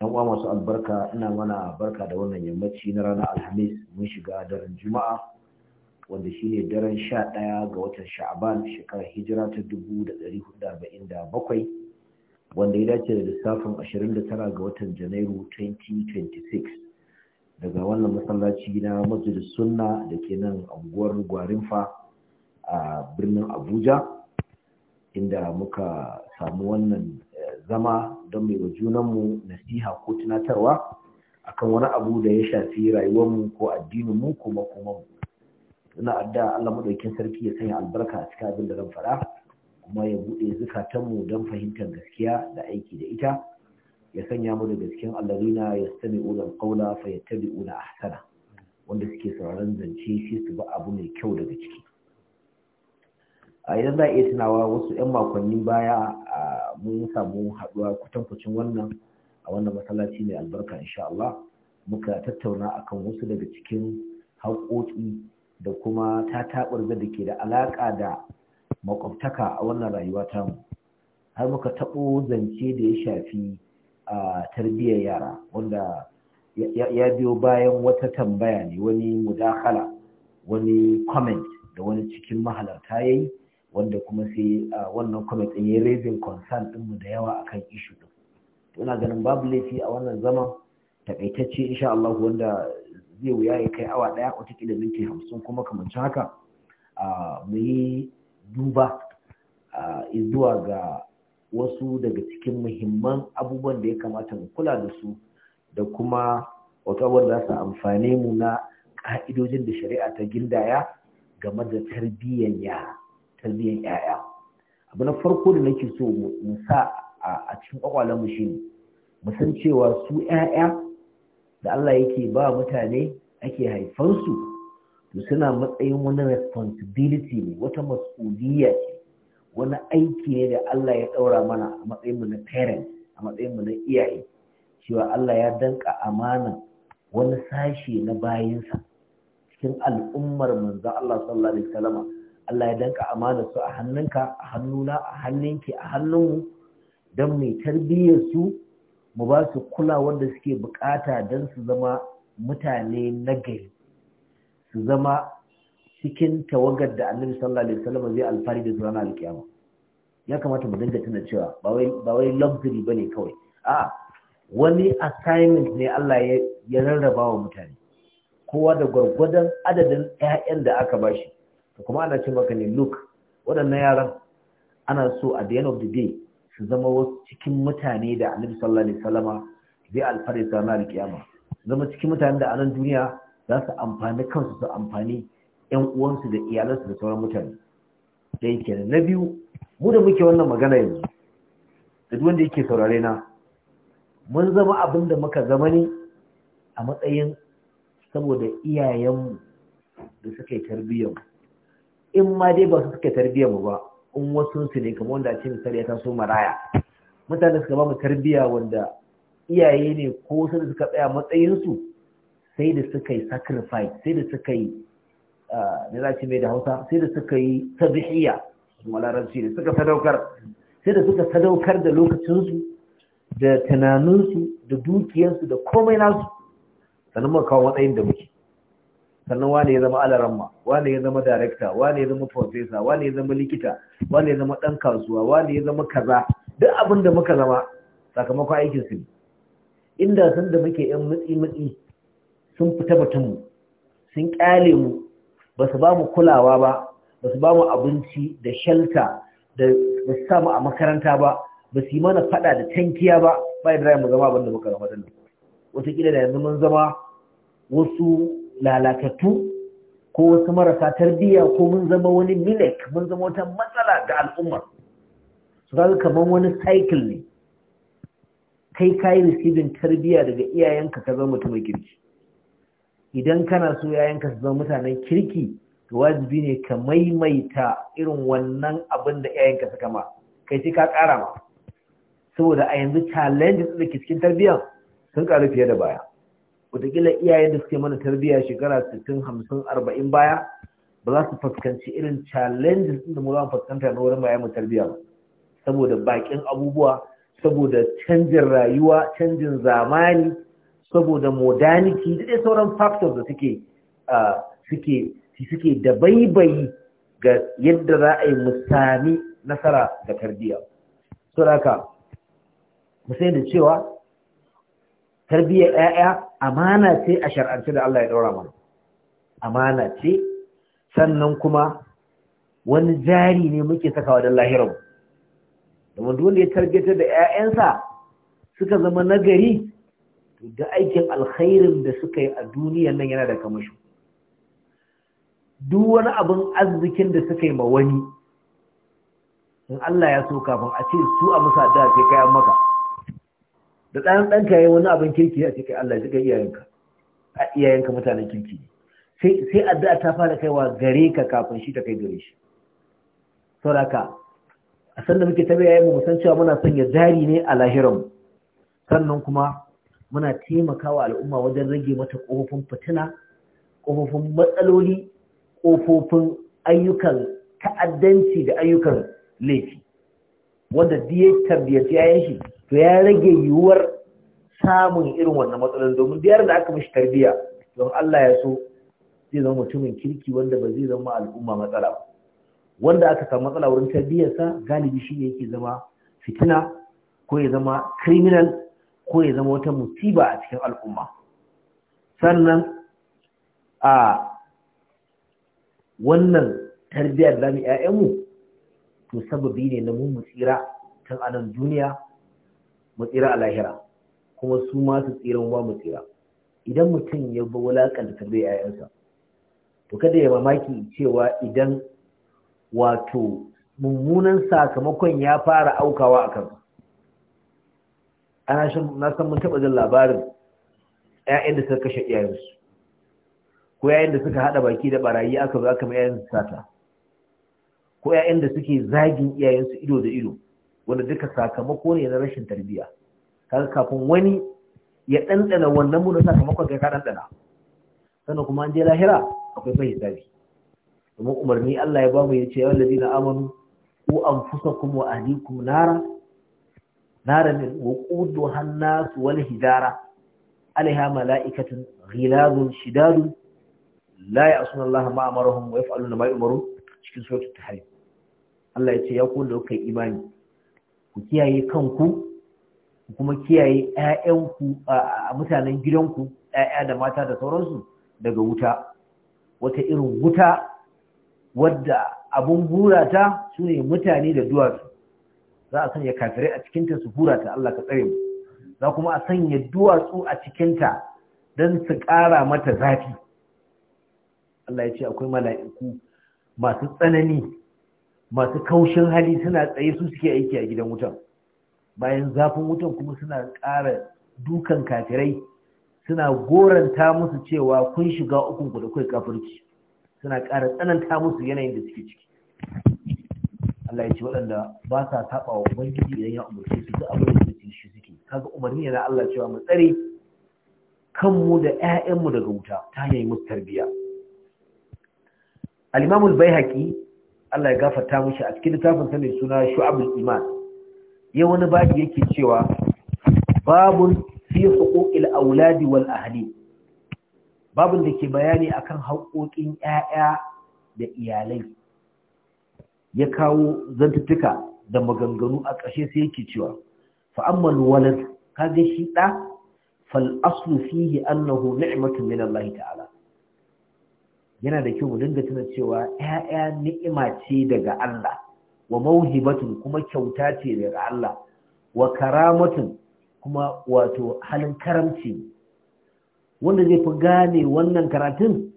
yan uwa masu albarka ina mana barka da wannan yammaci na ranar alhamis mun shiga daren juma'a wanda shine daren sha ɗaya ga watan sha'aban shekarar hijira ta dubu da ɗari hudu da arba'in da bakwai wanda ya dace da lissafin ashirin da tara ga watan janairu 2026 daga wannan masallaci na majalis sunna da ke nan unguwar gwarinfa a birnin abuja inda muka samu wannan eh, zama don mai wa junanmu nasiha ko tunatarwa akan wani abu da ya shafi rayuwarmu ko addininmu ko makomanmu ina adda Allah maɗaukin sarki ya sanya albarka a cikin abin da zan faɗa kuma ya buɗe zukatanmu don fahimtar gaskiya da aiki da ita ya sanya mu daga cikin allazina yastami'una ula a ahsana wanda suke sauraron zance shi su ba abu mai kyau daga ciki a idan za a iya tunawa wasu 'yan makonni baya mun samu haɗuwa kutankucin wannan a wannan masallaci mai albarka insha Allah muka tattauna akan wasu daga cikin haƙoƙi da kuma ta tataɓar da ke da alaƙa da makwabtaka a wannan rayuwa ta mu har muka taɓo zance da ya shafi a tarbiyyar yara wanda ya biyo bayan wata tambaya ne wani mudakala wani comment da wani cikin mahalarta ya yi wanda kuma sai wannan comment din ya raising concern ɗin mu da yawa akan ishu din ina ganin babu laifi a wannan zaman takaitacce insha Allah wanda zai wuya ya kai awa ɗaya, daya watakila minti hamsin kuma kamancin haka mu yi duba zuwa ga wasu daga cikin muhimman abubuwan da ya kamata mu kula da su da kuma wato abubuwan za su amfane mu na ka'idojin da shari'a ta gindaya game da tarbiyyar yara tarbiyyar ƴaƴa abu na farko da nake so mu sa a cikin mu shi ne mu san cewa su ƴaƴa da Allah yake ba mutane ake su, to suna matsayin wani responsibility ne wata mas'uliyya ce wani aiki ne da Allah ya ɗaura mana a matsayin mu na parents a matsayin mu na iyaye cewa Allah ya danka amana wani sashe na bayinsa cikin al'ummar manzo Allah sallallahu alaihi wasallam Allah ya danka amana su a hannunka a hannuna a hannunki a hannunmu don mai tarbiyyar su mu ba su kula wanda suke bukata don su zama mutane nagari su zama cikin tawagar da annabi sallallahu alaihi wasallam zai alfari da zuwa alkiyama ya kamata mu dinga tuna cewa ba wai ba wai luxury bane kawai a wani assignment ne Allah ya rarraba wa mutane kowa da gwargwadon adadin ƴaƴan da aka bashi kuma ana ce maka ne look waɗannan yaran ana so a the end of the day su zama wasu cikin mutane da annabi sallallahu alaihi wasallama zai alfare na alkiyama zama cikin mutane da anan duniya za su amfani kansu su amfani ƴan uwansu da iyalansu da sauran mutane da yake na biyu mu da muke wannan magana yanzu da duk wanda yake saurare na mun zama abin da muka zama ne a matsayin saboda iyayenmu da suka yi tarbiyyarmu in ma dai ba su suka tarbiya mu ba in wasu su ne kamar wanda a ce misali ya taso maraya mutane suka ba mu tarbiyya wanda iyaye ne ko sun suka tsaya matsayinsu sai da suka yi sacrifice sai da suka yi da ah, za ci mai da hausa sai da suka yi su malaranci ne suka sadaukar sai da suka sadaukar da lokacinsu da tunaninsu da dukiyarsu da komai nasu sannan muka kawo matsayin da muke sannan wane ya zama alaramma wane ya zama darekta wane ya zama profesa wane ya zama likita wane ya zama ɗan kasuwa wane ya zama kaza duk abin da muka zama sakamakon aikin su inda sun da muke yan mutsi mutsi sun fita mu sun kyale mu ba su ba mu kulawa ba ba su ba mu abinci da shelta da ba su samu a makaranta ba ba su yi mana fada da tankiya ba ba yadda mu zama abin da muka zama dinnan wataƙila da yanzu mun zama wasu lalatattu ko wasu marasa tarbiyya ko mun zama wani milik, mun zama wata matsala ga al'ummar su kaga kamar wani cycle ne kai kayi receiving tarbiyya daga iyayenka ka zama mutumin kirki idan kana so yayanka su zama mutanen kirki to wajibi ne ka maimaita irin wannan abin da iyayenka suka ma kai sai ka kara ma saboda a yanzu challenge da ke cikin tarbiyyar sun karu fiye da baya wataƙila iyaye da suke mana tarbiyya shekara 60 50 arba'in baya ba za su fuskanci irin challenges din da mu za fuskanta na wurin bayan mu tarbiyya ba saboda bakin abubuwa saboda canjin rayuwa canjin zamani saboda modernity da dai sauran factors da suke suke suke da baibayi ga yadda za a yi mu sami nasara ga tarbiyya saboda haka mu sai da cewa tarbiyyar 'ya'ya amana ce a shar'ance da Allah ya ɗora mana amana ce sannan kuma wani jari ne muke sakawa don lahirar domin duk wanda ya targetar da 'ya'yansa suka zama nagari da aikin alkhairin da suka yi a duniyan nan yana da kamashi duk wani abin arzikin da suka yi ma wani in Allah ya so kafin a ce su a musa da ke kayan maka da ɗan ɗanka ya wani abin kirki a cikin Allah ji ka iyayenka a iyayenka mutanen kirki sai sai addu'a ta fara kaiwa gare ka kafin shi ta kai gare shi saboda a sanda muke ta yayin mu san cewa muna sanya ya jari ne a lahiran mu sannan kuma muna taimakawa al'umma wajen rage mata kofofin fitina kofofin matsaloli kofofin ayyukan ta'addanci da ayyukan laifi wanda diyar ya tarbiyyar yayin shi to ya rage yiwuwar samun irin wannan matsalar domin da da aka mishi tarbiyya don Allah ya so zai zama mutumin kirki wanda ba zai zama al'umma matsala ba wanda aka samu matsala wurin tarbiyyarsa galibi shi ne yake zama fitina ko ya zama criminal ko ya zama wata musiba a cikin al'umma sannan a wannan tarbiyyar da mu to sababi ne na mu tsira tun anan duniya mu tsira a lahira kuma su ma su tsira ba mu tsira idan mutum ya ba ta bai yayansa to kada ya mamaki cewa idan wato mummunan sakamakon ya fara aukawa a kansu ana shi na san mun taɓa jin labarin 'ya'yan da suka kashe iyayensu ko 'ya'yan da suka haɗa baki da barayi aka zo aka mai 'ya'yan sata ko 'ya'yan da suke zagin iyayensu ido da ido wanda duka sakamako ne na rashin tarbiyya kaga kafin wani ya ɗanɗana wannan munin sakamakon kai ka ɗanɗana sannan kuma an je lahira akwai fa hisabi domin umarni Allah ya bamu ya ce yawan amanu ku anfusakum wa ahlikum nara nara min waqudu hannas wal hijara alaiha mala'ikatun ghilazun shidadun la ya'suna Allah ma amarahum wa yaf'aluna ma yu'marun cikin suratul tahrim Allah ya ce ya ku da kai imani ku kiyaye kanku ku kuma kiyaye ƴaƴanku a mutanen gidanku 'ya'ya, da mata da sauransu daga wuta wata irin wuta wadda abun burata su ne mutane da duwatsu za a sanya kafirai a cikinta su burata Allah ka tsare mu za kuma a sanya duwatsu a cikinta don su ƙara mata zafi Allah ya ce akwai mala'iku masu tsanani masu kaushin hali suna tsaye su suke aiki a gidan wutan bayan zafin wutan kuma suna ƙara dukan kafirai suna goranta musu cewa kun shiga ukunku da kai kafirci suna ƙara tsananta musu yanayin da suke ciki Allah ya ce waɗanda ba sa taɓa wa ubangiji idan ya umarce su duk abin da shi suke kaga umarni yana Allah cewa mu tsare kanmu da ƴaƴanmu daga wuta ta hanyar musu tarbiyya al-Imam al-Baihaqi Allah ya gafarta mishi a cikin littafin sa mai suna Shu'abul Iman ya wani babu yake cewa babun fi huquqil auladi wal ahli babun da ke bayani akan haƙoƙin ƴaƴa da iyalai ya kawo zantuttuka da maganganu a ƙashe sai yake cewa fa amma walad kaga shi da fal aslu fihi annahu ni'matun min Allah ta'ala yana da kyau mu dinga tuna cewa 'ya'ya ni'ima ce daga Allah wa mauhibatun kuma kyauta ce daga Allah wa karamatun kuma wato halin karamci wanda zai fi gane wannan karatun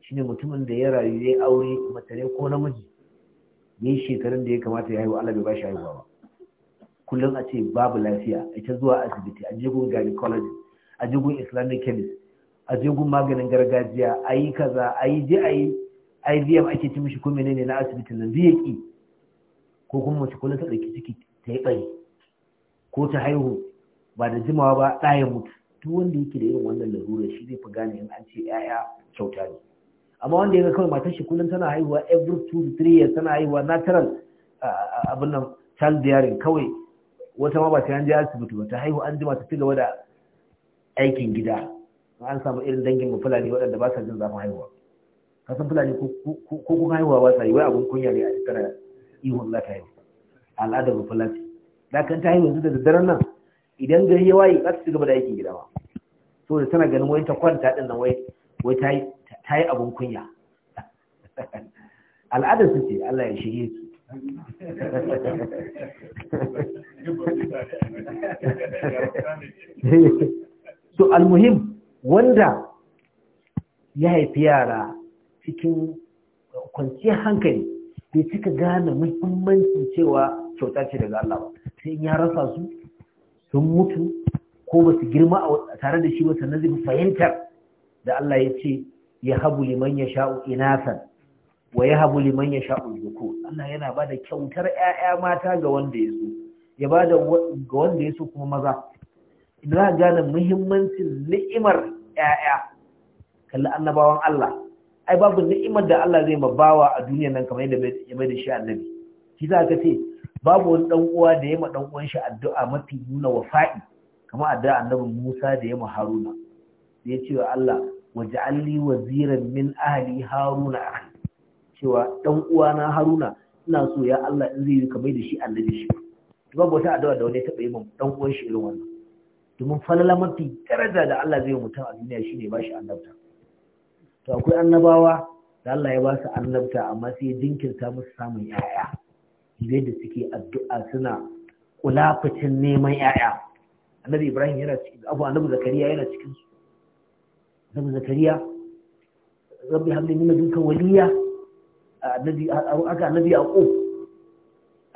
Shin mutumin da ya rayu ya aure mace ko namiji ne shekarun da ya kamata ya haihu Allah bai ba shi haihuwa ba kullum a ce babu lafiya ita zuwa asibiti a jigun gynecology a jigun islamic chemist a je gun maganin gargajiya a yi kaza a yi je a yi IVM ake ci mishi kuma ne na asibitin nan zai ko kuma mace kullum ta ɗauki ciki ta yi ɓari ko ta haihu ba da jimawa ba ɗaya mutu duk wanda yake da irin wannan larura shi zai fi gane in an ce 'ya'ya kyauta ne amma wanda ya ga kawai matar shi kullum tana haihuwa every two three years tana haihuwa natural abin nan child bearing kawai wata ma ba ta yanzu asibiti ba ta haihu an jima ta ci gaba da aikin gida an samu irin dangin mu fulani waɗanda ba sa jin zafin haihuwa kasan fulani ko kun haihuwa ba sa yi wai abun kunya ne a shekara ihun za ta haihu al'adar fulani da kan ta haihu yanzu da daddaran nan idan gari ya waye za ta ci gaba da aikin gida ba so da tana ganin wai ta kwanta din nan wai wai ta yi abun kunya al'adar su ce Allah ya shige su so almuhim wanda ya haifi yara cikin kwanciyar hankali bai cika gane muhimmanci cewa kyauta ce daga Allah ba sai ya rasa su sun mutu ko ba su girma a tare da shi ba sannan zai fahimtar da Allah ya ce ya habu liman ya sha'u inasan wa ya habu liman ya sha'u zuku Allah yana ba da kyautar ‘ya'ya mata ga wanda ya so ya ba ga wanda ya so kuma maza za gane muhimmancin ni'imar ƴaƴa kalli annabawan Allah ai babu ni'imar da Allah zai mabawa a duniya nan kamar yadda ya mai da shi annabi shi za ka ce babu wani dan uwa da ya ma dan uwan shi addu'a mafi nuna wafa'i kamar addu'a annabi Musa da ya ma Haruna da ya ce wa Allah waj'alni waziran min ahli Haruna cewa dan uwa na Haruna ina so ya Allah in zai yi kamar da shi annabi shi babu wata addu'a da wani ya taba yi ma dan uwan shi irin wannan domin falala mafi daraja da Allah zai mutum a duniya shine ba shi annabta to akwai annabawa da Allah ya ba su annabta amma sai jinkirta musu samun yaya zai da suke addu'a suna kulafacin neman yaya annabi Ibrahim yana cikin abu annabi Zakariya yana cikin su annabi Zakariya rabbi hamli Nuna Dukkan waliya annabi aka annabi Yaqub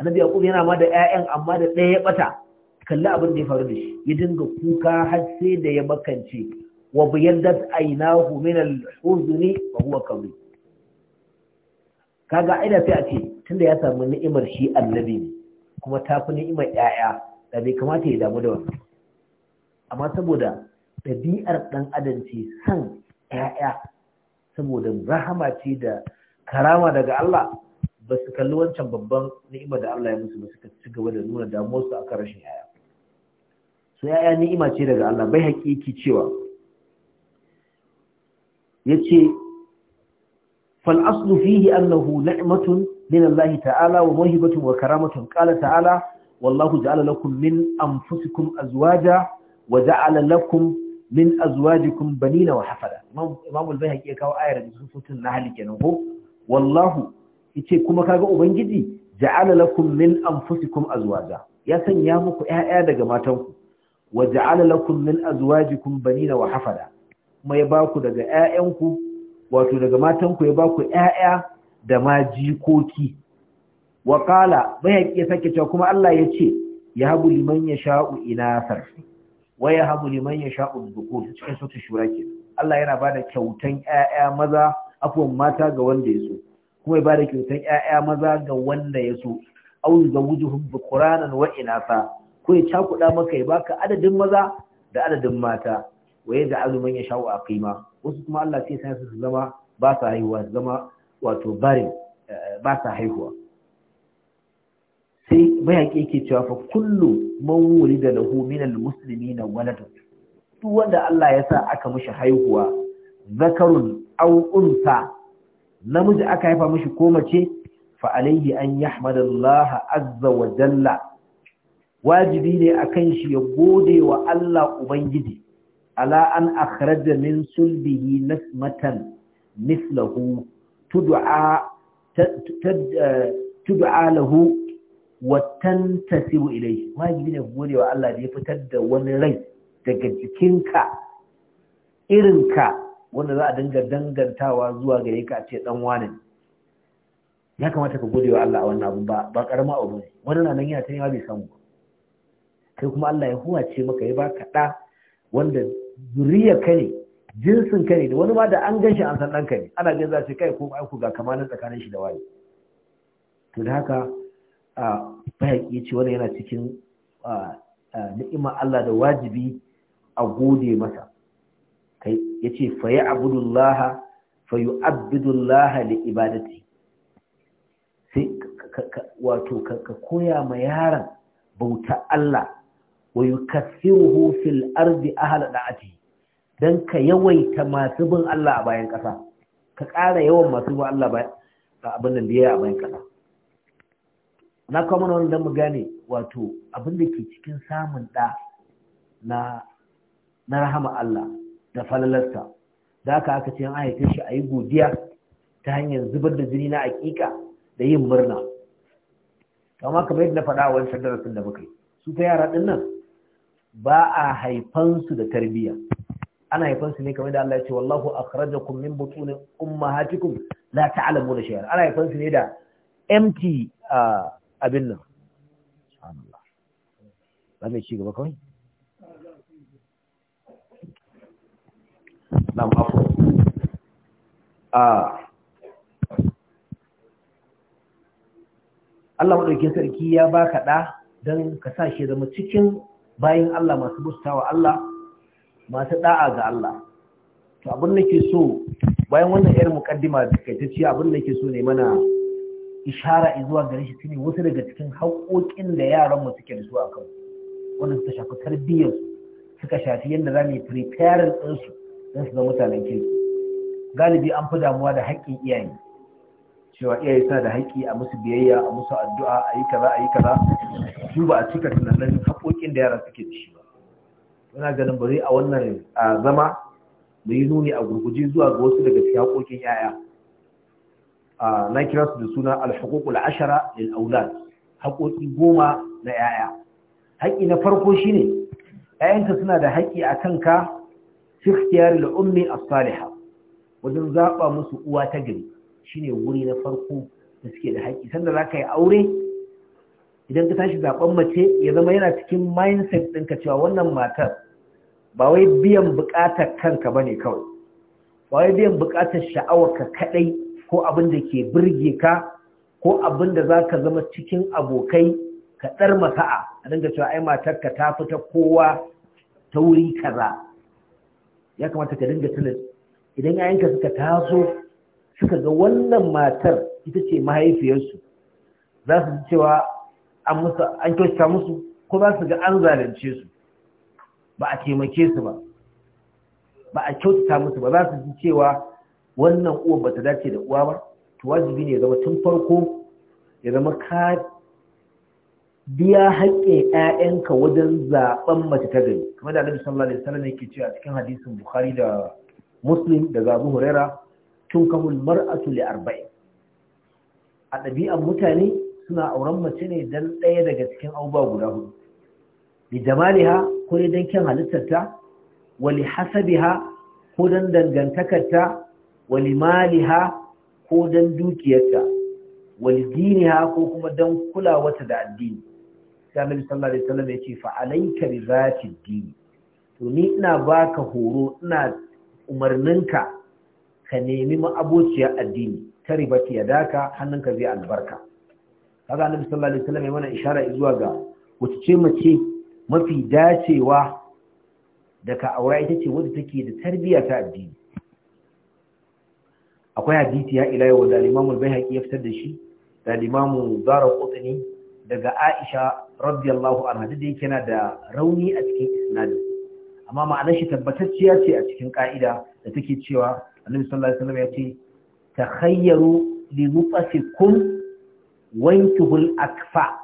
annabi yana ma da ƴaƴan amma da ɗaya ya ɓata. kalli abin da ya faru da shi ya dinga kuka har sai da ya makance wa aina aynahu min al-huzni wa huwa kabir kaga ina sai a ce tunda ya samu ni'imar shi annabi ne kuma ta fi ni'imar 'ya'ya da bai kamata ya damu da wannan amma saboda ɗabi'ar ɗan adam ce san yaya saboda rahama ce da karama daga Allah ba su kalli wancan babban ni'ima da Allah ya musu ba su ci gaba da nuna damuwarsu akan rashin yaya su ya ni'ima ce daga Allah bai haƙiƙi cewa yace fal aslu fihi annahu ni'matun min Allah ta'ala wa mawhibatun wa karamatun qala ta'ala wallahu ja'ala lakum min anfusikum azwaja wa ja'ala lakum min azwajikum banina wa hafada imam al-bayhaqi ya kawo ayar da sutun nahl kenan ko wallahu yace kuma kaga ubangiji ja'ala lakum min anfusikum azwaja ya sanya muku ƴaƴa daga matanku waja'ala lakum min azwajikum banina wa hafada kuma baku daga ƴaƴanku wato daga matanku ya baku ƴaƴa da ma jikoki wa qala bayhaqi sake cewa kuma Allah ya ce ya habu liman yasha'u inasar wa ya habu liman yasha'u dhukur cikin sautin shura ke Allah yana bada kyautan ƴaƴa maza afwan mata ga wanda yaso kuma ya bada kyautan ƴaƴa maza ga wanda yaso so au zawujuhum quranan wa inasa ko ya cakuɗa maka ya baka adadin maza da adadin mata waye da azumin ya shawo a kima wasu kuma Allah sai sai su zama ba sa haihuwa zama wato barin eh, ba sa haihuwa sai mayaƙi yake cewa fa kullu man wulida lahu min almuslimina walad duk wanda Allah ya sa aka mishi haihuwa zakarun aw unsa namiji aka haifa mishi ko mace fa alayhi an yahmadallaha azza wa jalla wajibi ne kan shi ya gode wa Allah ubangiji ala an akhraja min sulbihi nasmatan mislahu tud'a tud'a lahu wa tantasibu ilayhi wajibi ne gode wa Allah da ya fitar da wani rai daga jikinka irinka wanda za a dinga dangantawa zuwa gare ka ce dan wane ya kamata ka gode wa Allah a wannan abu ba ba karama abu ne wannan nan yana tanewa bai samu ba kai kuma Allah ya huwace maka ya baka ɗa wanda zuriya ka ne jinsin ka ne da wani ma da an gan shi an san ɗanka ne ana ganin za su kai ko ku ga kamanin tsakanin shi da wani to da haka a bayan ce wani yana cikin ni'imar Allah da wajibi a gode masa kai yace fa ya abudullaha fa yu'abbidullaha li ibadati sai wato ka koya ma yaron bauta Allah wa yukaththiruhu fil ardi ahla da'ati dan ka yawaita masu bin Allah a bayan ƙasa ka ƙara yawan masu bin Allah a abin nan yi a bayan ƙasa na kuma wani don mu gane wato abin da ke cikin samun da na rahama Allah da falalarsa da aka aka ce an haife shi a yi godiya ta hanyar zubar da jini na aƙiƙa da yin murna kama kamar yadda na faɗa a wancan darasin da muka yi su ta yara ɗin nan ba a haifansu da tarbiyya ana haifansu ne kamar da Allah ya ce wallahu akhrajakum min butun ummahatikum la ta'lamuna shay'an ana haifansu ne da empty uh, abin nan subhanallah ba mai ci gaba kawai nan afo a ah. Allah maɗauki sarki ya baka ɗa don ka sa shi zama cikin bayan Allah masu bustawa Allah masu da'a ga Allah to abin da ke so bayan wannan yar mukaddima da ta ci abin da ke so ne mana ishara zuwa gare shi tuni wasu daga cikin haƙoƙin da yaran mu suke da su akan wanda suka shafi tarbiyyar suka shafi yadda za mu yi preparing ɗinsu don su zama mutanen kirki galibi an fi damuwa da haƙƙin iyaye cewa iyaye suna da haƙƙi a musu biyayya a musu addu'a a yi kaza a yi kaza su ba a cika tunanin haƙƙo saukin da yara suke da shi ba muna ganin zai a wannan zama mu yi nuni a gurguje zuwa ga wasu daga cikin haƙoƙin yaya na kira su da suna alhaƙoƙul ashara lil aulad haƙoƙi goma na yaya haƙƙi na farko shine ƴaƴanka suna da haƙƙi a kanka fi ikhtiyaril ummi as wajen zaɓa musu uwa ta gari shine wuri na farko da suke da haƙƙi sanda za ka yi aure idan ka tashi zaben mace ya zama yana cikin mindset ɗinka cewa wannan matar ba wai biyan buƙatar kanka ba ne kawai ba wai biyan buƙatar sha'awarka kaɗai ko abin da ke birge ka ko abin da za ka zama cikin abokai ka ɗar masa'a a dinga cewa ai matarka ta fita kowa ta wuri kaza ya kamata ka dinga tunan. idan yayanka suka taso suka ga wannan matar ita ce mahaifiyarsu za su ji cewa an kyauta musu ko za su ga an zalunce su ba a taimake su ba ba a kyautata musu ba za su ji cewa wannan uwa ba ta dace da uwa ba to wajibi ne ya zama tun farko ya zama ka biya haƙƙin ƴaƴanka wajen zaɓen mace ta gari kamar da Annabi sallallahu alaihi wasallam yake cewa cikin hadisin Bukhari da Muslim da Abu Huraira tun kamul mar'atu li arba'in a ɗabi'an mutane suna auren mace ne dan ɗaya daga cikin abubuwa guda hudu li jamaliha ko dai dan kyan halittarta Wali hasabiha ko dan dangantakarta Wali maliha ko dan dukiyarta Wali diniha ko kuma dan kulawata da addini sai annabi sallallahu alaihi wasallam ya ce fa alayka bi zati dini to ni ina baka horo ina umarninka ka nemi ma'abociyar addini ta ribati ya daka hannunka zai albarka kaga annabi sallallahu alaihi wasallam ya mana ishara zuwa ga wace ce mace mafi dacewa da ka aura ita ce wadda take da tarbiyya ta addini akwai hadisi ya ila yau da Imam al-Baihaqi ya fitar da shi da Imam Darqutni daga Aisha radiyallahu anha da yake yana da rauni a cikin isnad amma ma'anar shi tabbatacciya ce a cikin ka'ida da take cewa Annabi sallallahu alaihi wasallam ya ce takhayyaru li wankihul akfa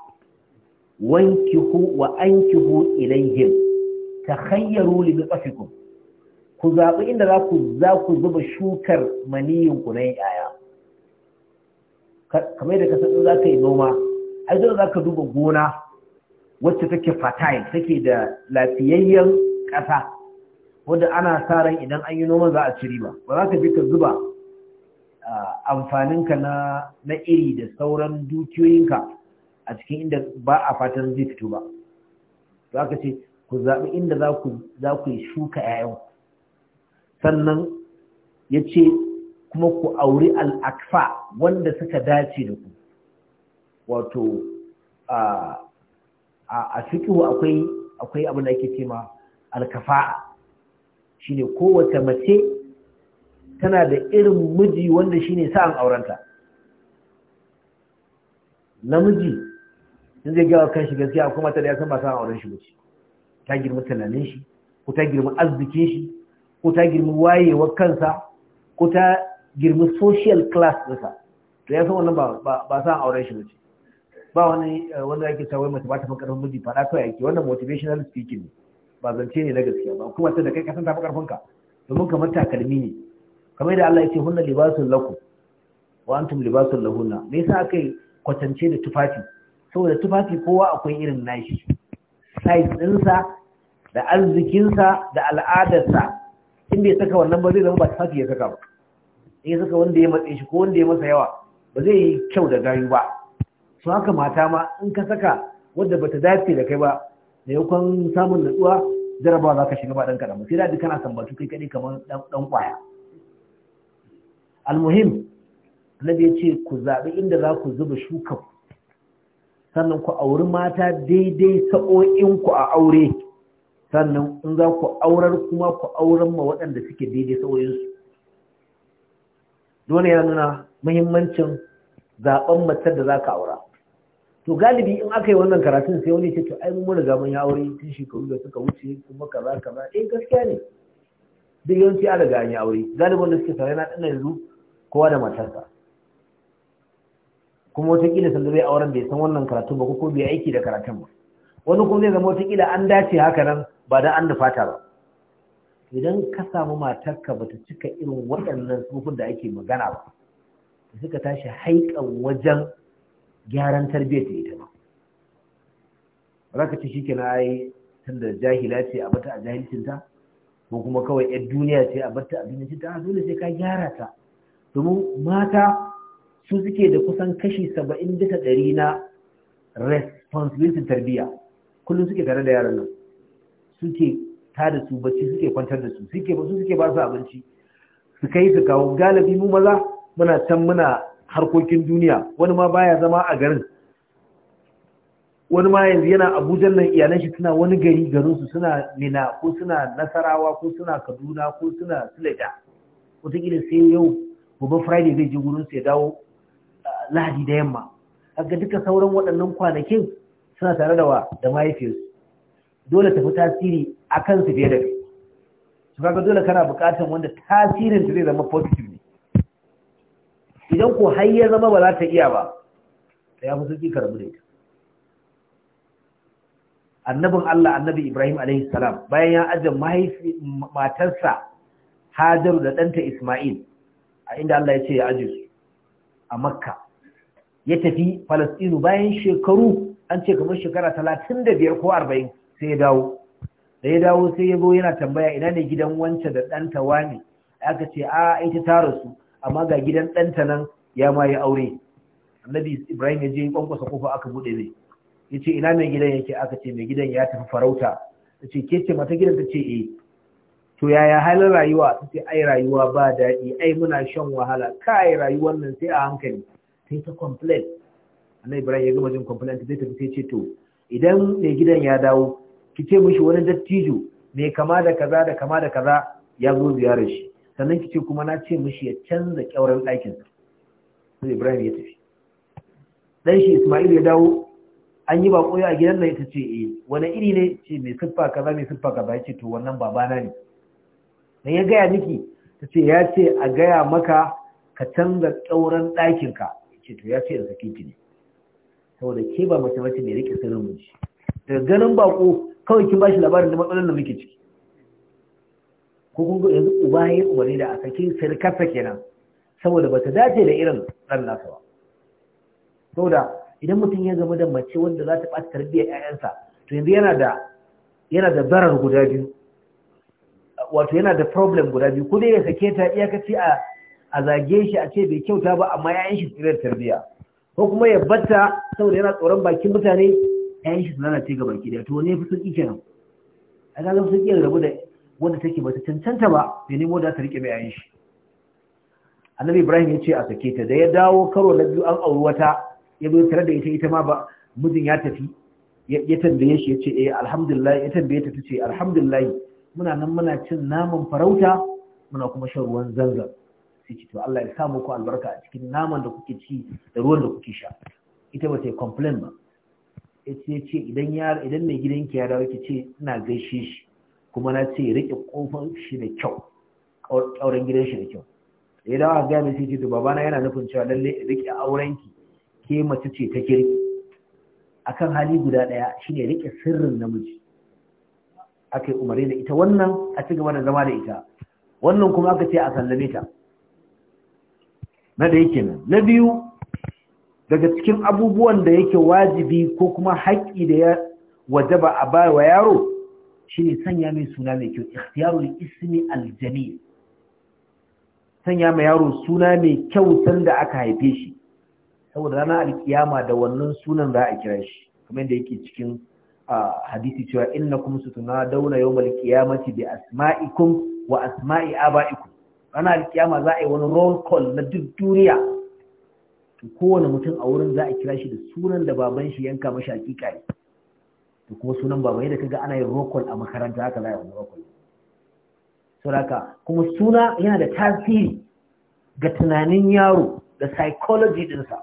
wankihu wa ankihu ilaihim takhayyaru li biqafikum ku zaɓi inda za ku za ku zuba shukar maniyin ku yaya kamar da kasar za ka noma ai zo za ka duba gona wacce take fertile take da lafiyayyen ƙasa wanda ana sa ran idan an yi noma za a ci riba ba za ka je ka zuba amfaninka na na iri da sauran dukiyoyinka a cikin inda ba a fatan zai fito ba Za ka ce ku zaɓi inda za ku yi shuka 'ya'yanku? sannan ya ce kuma ku auri al'akfa wanda suka dace da ku wato a a akwai abin da ake ce ma alkafa'a shine kowace mace tana da irin miji wanda shi ne sa'an aurenta namiji in zai gawa kan shi gaskiya kuma ta da ya san ba sa'an auren shi ba ce ta girma tunanin shi ko ta girma arzikin shi ko ta girma wayewar kansa ko ta girma social class nasa to ya san wannan ba sa'an auren shi ba ce ba wani eh, wanda yake sawai mace ba ta fi karfin miji faɗa kawai yake wannan motivational speaking ne ba zance ne na gaskiya ba kuma ta da kai san ta fi karfinka ka domin kamar takalmi ne kamar da Allah ya ce hunna libasun laku, wa antum libasun lahunna me yasa kai kwatance da tufafi saboda tufafi kowa akwai irin nashi size sa da arzikinsa da al'adarsa in bai saka wannan ba zai zama ba tufafi ya saka ba in ya saka wanda ya matse shi ko wanda ya masa yawa ba zai yi kyau da gayu ba su haka mata ma in ka saka wadda bata dace da kai ba da maimakon samun natsuwa jarabawa za ka shiga ba ɗan kaɗan sai da kana sambatu kai kaɗai kamar ɗan ƙwaya almuhim na ya ce ku zaɓi inda za ku zuba shukan sannan ku auri mata daidai sa'o'inku a aure sannan in za ku aurar kuma ku auren ma waɗanda suke daidai sa'o'insu dole ya nuna muhimmancin zaɓen matar da za ka aura to galibi in aka yi wannan karatun sai wani ce to ai mun riga mun ya aure tun shekaru da suka wuce kuma kaza kaza eh gaskiya ne duk yawanci an riga an yi aure galibin da suke tare na ɗan yanzu kowa da matarsa kuma wataƙila sun zai auren bai san wannan karatu ba ko bai aiki da karatun ba wani kuma zai zama wataƙila an dace haka nan ba da an fata ba idan ka samu matarka ba ta cika irin waɗannan tsofin da ake magana ba ta suka tashi haikan wajen gyaran tarbiyyar ta ita ba raka ce shi ke na tun tunda jahila ce a bata a jahilcinta ko kuma kawai 'yar duniya ce a bata a duniya ta dole sai ka gyara ta domin mata su suke da kusan kashi saba'in bisa ɗari na responsibility tarbiyya kullum suke tare da yaran nan suke ta da su bacci suke kwantar da su suke su suke ba su abinci su kai su kawo galibi mu maza muna can muna harkokin duniya wani ma baya zama a garin wani ma yanzu yana abuja nan iyalan shi suna wani gari garin su suna mina ko suna nasarawa ko suna kaduna ko suna sulaja wataƙila sai yau gobe friday zai je gurin sai dawo lahadi da yamma haka duka sauran waɗannan kwanakin suna tare da wa da mahaifiyarsu dole tafi tasiri a su fiye da kai su kaga dole kana buƙatar wanda tasirin su zai zama positive ne idan ko har ya zama ba za ta iya ba ta ya fi sauki da ita annabin Allah annabi Ibrahim alaihi salam bayan ya ajiye mahaifi matarsa Hajaru da ɗanta Ismail a inda Allah ya ce ya aje su a makka ya tafi falastinu bayan shekaru an ce kamar shekara talatin da biyar ko arba'in sai ya dawo da ya dawo sai ya zo yana tambaya ina ne gidan wancan da ɗanta wani aka ce a ita ta rasu amma ga gidan ɗanta nan ya ma yi aure annabi ibrahim ya je ya kwankwasa kofa aka buɗe mai ya ce ina mai gidan yake aka ce mai gidan ya tafi farauta ta ce ke ce mata gidan ta ce eh to yaya halin rayuwa ce ai rayuwa ba daɗi ai muna shan wahala kai rayuwar nan sai a hankali sai ta complain annabi ibrahim ya gama jin complain sai ta ce to idan mai gidan ya dawo ki ce mishi wani dattijo mai kama da kaza da kama da kaza ya zo ziyarar shi sannan ki ce kuma na ce mishi ya canza kyauran ɗakin sai ibrahim ya tafi dan shi isma'il ya dawo an yi bako a gidan nan ita ce eh wani iri ne ce mai siffa kaza mai siffa kaza ya ce to wannan babana ne da ya gaya miki ta ce ya ce a gaya maka ka canza tsauran ɗakinka ya ce to ya ce da sake ne saboda ke ba mace mace mai rike sirrin miji daga ganin bako kawai kin bashi labarin da matsalar da muke ciki ko kun ga yanzu uba ya umarni da a sake sirkarsa kenan saboda bata dace da irin ɗan nasa ba saboda idan mutum ya zama da mace wanda za ta ɓata tarbiyyar 'ya'yansa to yanzu yana da yana da barar guda biyu wato yana da problem guda biyu ko dai ya sake ta iyakaci a a zage shi a ce bai kyauta ba amma yayan shi tsirar tarbiya ko kuma ya batta saboda yana tsoron bakin mutane yayan shi sunana ce ga baki da to ne fi sun ike nan a ga sun iya rabu da wanda take bata cancanta ba bai nemo da ta rike mai yayan shi annabi ibrahim ya ce a sake ta da ya dawo karo na biyu an auri wata ya zo tare da ita ita ma ba mijin ya tafi ya tambaye shi ya ce eh alhamdulillah ya tambaye ta ta ce alhamdulillah muna nan muna cin naman farauta muna kuma shan ruwan zanzan sai to Allah ya sa muku albarka a cikin naman da kuke ci da ruwan da kuke sha ita ba ta complain ba ya ce idan ya idan mai gidanki ya dawo ki ce ina gaishe shi kuma na ce rike kofar shi da kyau auren gidan shi da kyau ya dawo a mai sai ce to babana yana nufin cewa lalle rike ki, ke mace ce ta kirki akan hali guda daya shine rike sirrin namiji aka yi umarni da ita wannan a ci gaba da zama da ita wannan kuma aka ce a sallame ta na da yake nan na biyu daga cikin abubuwan da yake wajibi ko kuma haƙƙi da ya ba a ba wa yaro ne sanya mai suna mai kyau li ismi aljamil sanya mai yaro suna mai kyau sanda aka haife shi saboda ranar alkiyama da wannan sunan za a kira shi kamar yadda yake cikin hadisi cewa innakum sutunadawna yawmal qiyamati da asma'ikum wa asma'i aba'ikum ranar alkiyama za a yi wani roll call na duk duniya to kowane mutum a wurin za a kira shi da sunan da baban shi yanka mashi hakika ne to kuma sunan baban yadda kaga ana yin roll call a makaranta haka za a yi wani roll call saboda kuma suna yana da tasiri ga tunanin yaro da psychology sa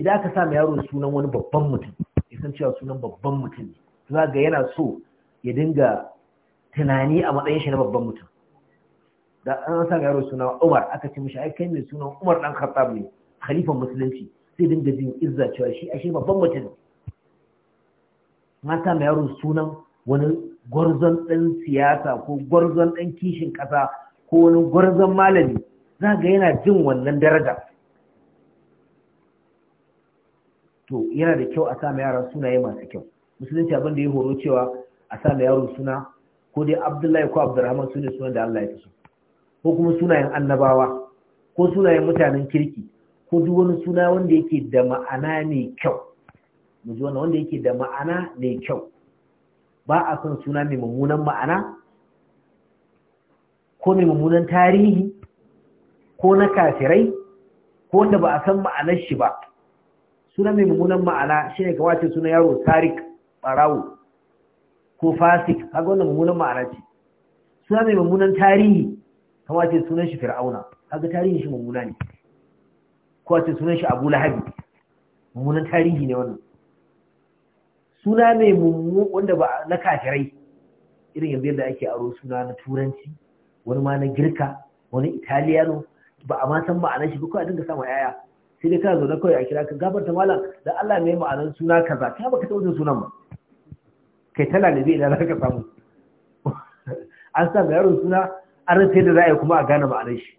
idan aka sa yaro sunan wani babban mutum ya san cewa sunan babban mutum ne za ga yana so ya dinga tunani a matsayin shi na babban mutum da an sa yaro suna Umar aka ce mishi ai kai mai sunan Umar dan Khattab ne khalifan musulunci sai dinga jin izza cewa shi ashe babban mutum ne mata mai yaro sunan wani gwarzon ɗan siyasa ko gwarzon ɗan kishin ƙasa ko wani gwarzon malami za ga yana jin wannan daraja to yana da kyau a sa ma yaran sunaye masu kyau musulunci abin da ya horo cewa a sa ma yaro suna ko dai abdullahi ko abdurrahman su ne sunan da allah ya fi so ko kuma sunayen annabawa ko sunayen mutanen kirki ko duk wani suna wanda yake da ma'ana mai kyau mu ji wanda yake da ma'ana mai kyau ba a son suna mai mummunan ma'ana ko mai mummunan tarihi ko na kafirai ko wanda ba a san ma'anar shi ba sunan mai mummunan ma'ana shine ne kawace sunan yaro tarik barawo ko fasik kaga wannan mummunan ma'ana ce sunan mai mummunan tarihi kawace sunan shi fir'auna kaga tarihi shi mummuna ne kawace sunan shi abu lahabi mummunan tarihi ne wannan suna mai mummu wanda ba na kafirai irin yanzu yadda ake aro suna na turanci wani ma na girka wani italiano ba a ma san ma'anar shi ba kawai dinga sama yaya sai dai kana zaune kawai a kira ka ta malam da Allah ne ma'anar suna kaza kai baka taɓa jin sunan ba kai tana ne bai idan ka samu an sa ga yaron suna an rasa da za a yi kuma a gane ma'anar shi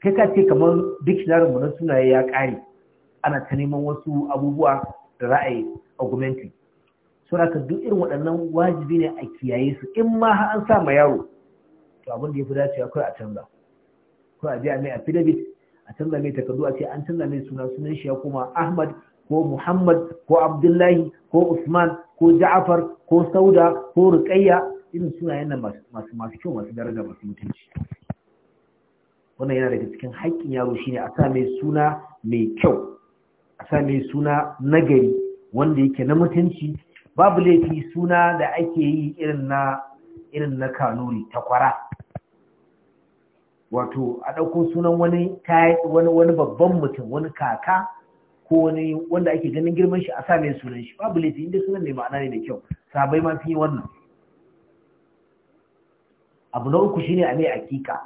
kai ka ce kamar dictionary mu na sunaye ya ƙare ana ta neman wasu abubuwa da za a yi augmenting suna ka duk irin waɗannan wajibi ne a kiyaye su in ma har an sa ma yaro to abin da ya fi dacewa kawai a canza ko a je a mai affidavit a canza mai takardu a ce an canza mai suna sunan shi ya koma Ahmad ko Muhammad ko Abdullahi ko Usman ko Ja'far ko Sauda ko Ruqayya irin sunayen nan masu masu kyau masu daraja masu mutunci wannan yana daga cikin haƙƙin yaro shine a sa mai suna mai kyau a sa mai suna nagari wanda yake na mutunci babu laifi suna da ake yi irin na irin na kanuri takwara wato a ɗauko sunan wani wani babban mutum wani kaka ko wani wanda ake ganin girman shi a sa mai sunan shi babu laifi inda sunan mai ma'ana ne da kyau sabai ma sun yi wannan abu na uku shine a mai akika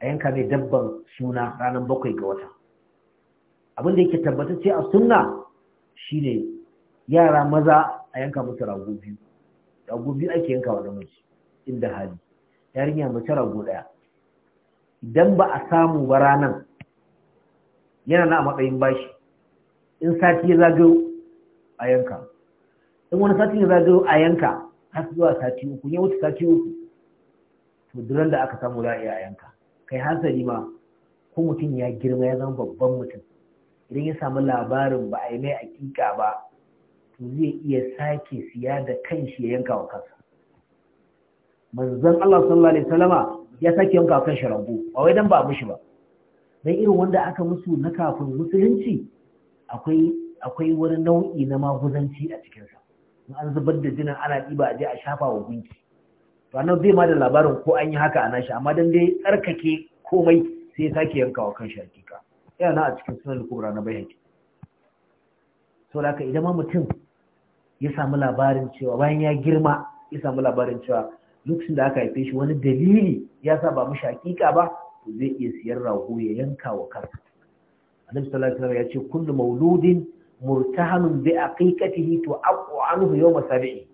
a yanka mai dabban suna ranar bakwai ga wata abin da yake tabbatacce a sunna shine yara maza a yanka musu rago biyu rago biyu ake yanka wa namiji inda hali yarinya mace rago daya dan ba a samu ba ranan yana na matsayin bashi in sati ya zagayo a yanka in wani sati ya zagayo a yanka har zuwa sati uku ya wuce sati uku to duran da aka samu za a iya a yanka kai hasari ma ko mutum ya girma ya zama babban mutum idan ya samu labarin ba a yi mai aƙiƙa ba to zai iya sake siya da kanshi ya yanka wa kansa manzon Allah sallallahu alaihi wasallama ya sake yanka kan sharabu ba wai dan ba mushi ba dan irin wanda aka musu na kafin musulunci akwai akwai wani nau'i na maguzanci a cikin sa in an zubar da jinin ana diba a je a shafa wa gunki to annabi zai ma da labarin ko an yi haka a nashi amma dan dai tsarkake komai sai ya sake yanka kan shi hakika yana a cikin sunan kubra na bayhaqi to da idan ma mutum ya samu labarin cewa bayan ya girma ya samu labarin cewa lokacin da aka haife shi wani dalili ya sa ba mishi hakika ba to zai iya siyar rago ya yanka wa kansa annabi sallallahu alaihi ya ce kullu mauludin murtahanun bi aqiqatihi to aqu anhu yawm sabi'i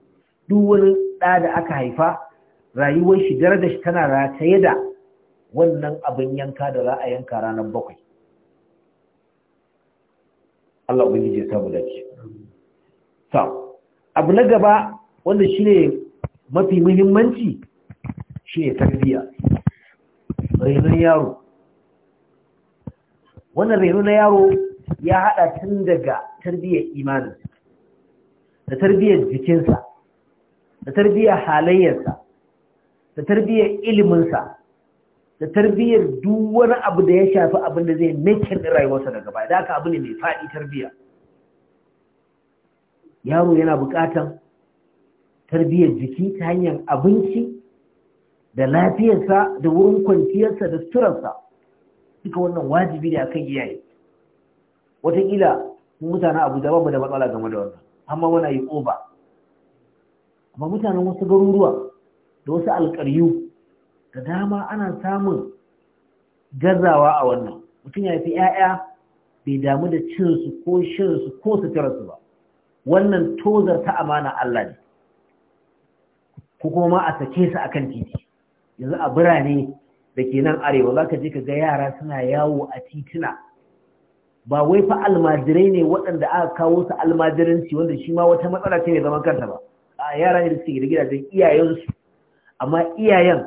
duk wani da da aka haifa rayuwar shi darajar shi tana rataye da wannan abin yanka da za a yanka ranar bakwai Allah ubangiji ya samu dace abu na gaba wanda shine mafi muhimmanci shi ne tarbiya rainon yaro wannan rainon yaro ya haɗa tun daga tarbiyyar imanin da tarbiyyar jikinsa da tarbiyyar halayyarsa da tarbiyyar iliminsa da tarbiyyar duk wani abu da ya shafi abin da zai mekin rayuwarsa daga baya da aka abu ne mai faɗi tarbiyya yaro yana buƙatan tarbiyyar jiki ta hanyar abinci da lafiyarsa da wurin kwanciyarsa da suturarsa duka wannan wajibi ne akan iyaye wataƙila mu mutanen abuja da babu da matsala game da wannan amma muna yi oba amma mutanen wasu garuruwa da wasu alƙaryu da dama ana samun gazawa a wannan mutum ya fi 'ya'ya bai damu da cinsu ko shirinsu ko suturarsu ba wannan tozar ta amana Allah ne ko kuma ma a sake su a kan titi yanzu a birane da ke nan arewa za ka je ka ga yara suna yawo a titina ba wai fa almajirai ne waɗanda aka kawo su almajiranci wanda shi ma wata matsala ce mai zaman kanta ba a yara ne da suke gida gidajen iyayensu amma iyayen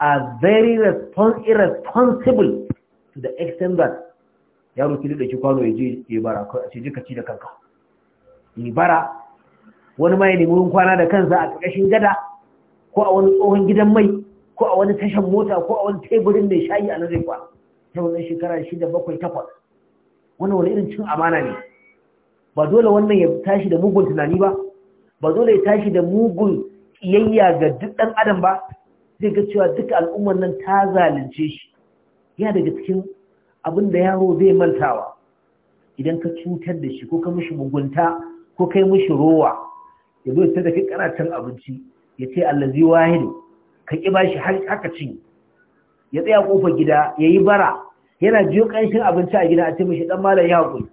a very irresponsible to the extent that yaro ki da ki kwano ya je ya bara a ce jikaci ci da kanka ni bara wani ma ya nemi wurin kwana da kansa a ƙarƙashin gada ko a wani tsohon gidan mai ko a wani tashan mota ko a wani teburin mai shayi a nan zai ta wannan shekara shida bakwai takwas wannan wani irin cin amana ne ba dole wannan ya tashi da mugun tunani ba ba dole ya tashi da mugun kiyayya ga duk ɗan adam ba zai ga cewa duka al'ummar nan ta zalunce shi ya daga cikin abin da yaro zai mantawa idan ka cutar da shi ko ka mishi mugunta ko kai mishi rowa ya zo ta da kai kana abinci ya ce allazi wahidu ka ƙi bashi har aka ci ya tsaya kofar gida ya yi bara yana jiyo ƙanshin abinci a gida a ce mashi ɗan malam ya haƙuri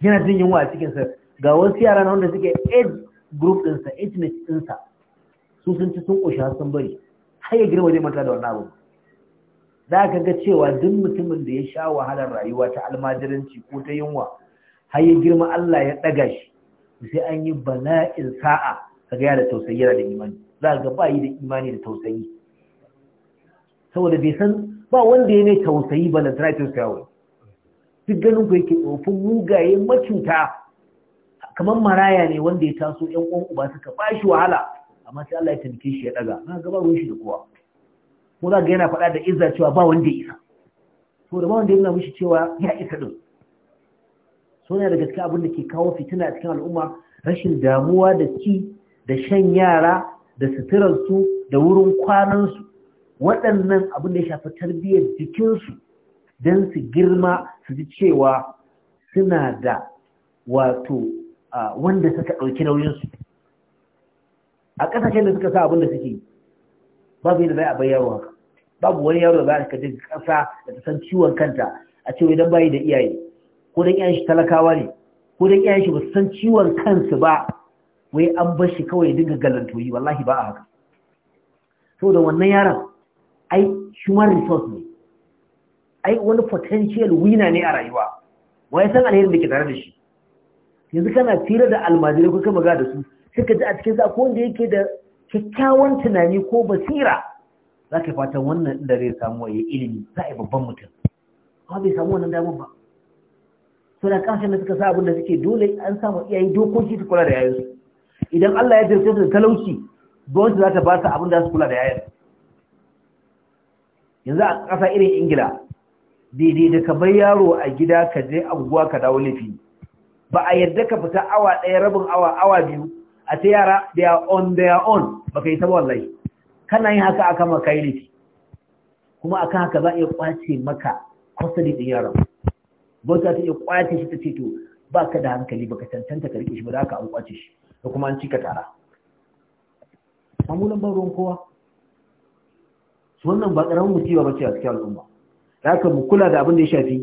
yana jin yunwa a cikinsa ga wasu yara na wanda suke age group ɗinsa age ɗinsa su sun ci sun ƙoshi sun bari har ya girma zai manta da wannan abu za ka ga cewa duk mutumin da ya sha wahalar rayuwa ta almajiranci ko ta yunwa har ya girma Allah ya ɗaga shi sai an yi bala'in sa'a kaga yana da tausayi yana da imani za ga ba yi da imani da tausayi saboda bai san ba wanda ya mai tausayi ba na drive to duk ganin ku yake tsofin mugaye macuta kamar maraya ne wanda ya taso yan uwan uba suka ba shi wahala amma sai Allah ya tabbike shi ya daga na ga ba ruwan shi da kowa ko za ga yana faɗa da izza cewa ba wanda ya isa saboda ba wanda ya nuna mishi cewa ya isa din so ne da gaskiya abin da ke kawo fitina a cikin al'umma rashin damuwa da ci da shan yara da suturarsu da wurin kwanansu waɗannan abin da ya shafi tarbiyyar jikinsu don su girma su ji cewa suna da wato wanda suka ɗauki nauyinsu a ƙasashen da suka sa abin da suke babu yadda za a bayyaro haka babu wani yaro da za a kaji ƙasa da ta san ciwon kanta a cewa idan bayi da iyaye ko don iyayen shi talakawa ne ko don iyayen shi ba su san ciwon kansu ba wai an bar shi kawai dinga galantoyi wallahi ba a haka da wannan yaron ai human resource ne ai wani potential winner ne a rayuwa wai san alherin da ke tare da shi yanzu kana fira da almajirai kuka maga da su suka ji a cikin sa ko wanda yake da kyakkyawan tunani ko basira za ka fata wannan da zai samu ya ilimi za a yi babban mutum ba bai samu wannan damar ba so da kashin da suka sa abin da suke dole an samu iyaye dokoki su kula da yayansu idan Allah ya jirce su da talauci su za ta ba su abin da su kula da yayan yanzu a ƙasa irin ingila daidai da ka bai yaro a gida ka je abubuwa ka dawo laifi ba a yarda ka fita awa ɗaya rabin awa awa biyu a ta yara they are on on ba ka yi ta wallahi kana yin haka aka maka yi laifi kuma akan haka za a iya kwace maka custody ɗin yaron za ta iya kwace shi ta ce to ba ka da hankali ba ka cancanta ka rike shi ba za ka an kwace shi da kuma an cika tara mamulan ban ruwan kowa su wannan ba ƙaramin musiba ba ce a cikin al'umma ya ka mu kula da abin da ya shafi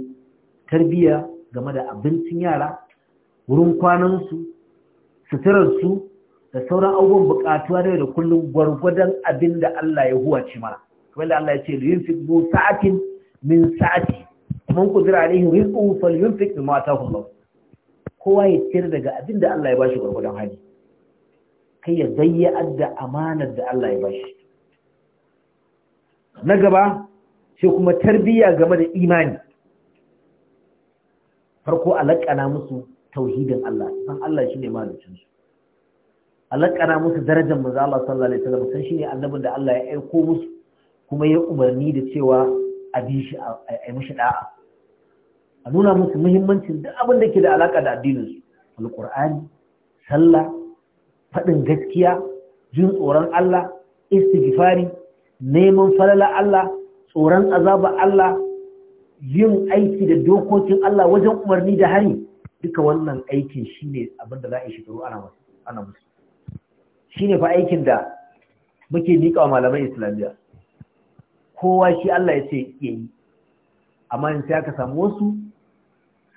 tarbiyya game da abincin yara wurin kwanansu suturarsu da sauran abubuwan buƙatuwa da da kullum gwargwadon abin da Allah ya huwace mana kamar da Allah ya ce yunfiq bu sa'atin min sa'ati man qudira alaihi yin fi ma ataahu kuma. kowa ya siyar daga abin da Allah ya bashi gwargwadon hali kai ya zayya adda amanar da Allah ya bashi na gaba sai kuma tarbiyya game da imani farko alakana musu tauhidin Allah san Allah shine malikin su alakana musu darajar manzo Allah sallallahu alaihi wasallam san shine annabin da Allah ya aiko musu kuma ya umarni da cewa a bi shi a yi mishi da'a a nuna musu muhimmancin duk abin da ke da alaka da addininsu alƙur'ani sallah faɗin gaskiya jin tsoron Allah istighfari neman falala Allah tsoron azaba Allah yin aiki da dokokin Allah wajen umarni da hari. duka wannan aikin shine abin da za a yi shekaru ana ana musu shine fa aikin da muke miƙa wa malaman islamiyya kowa shi Allah ya ce yayi amma in sai aka samu wasu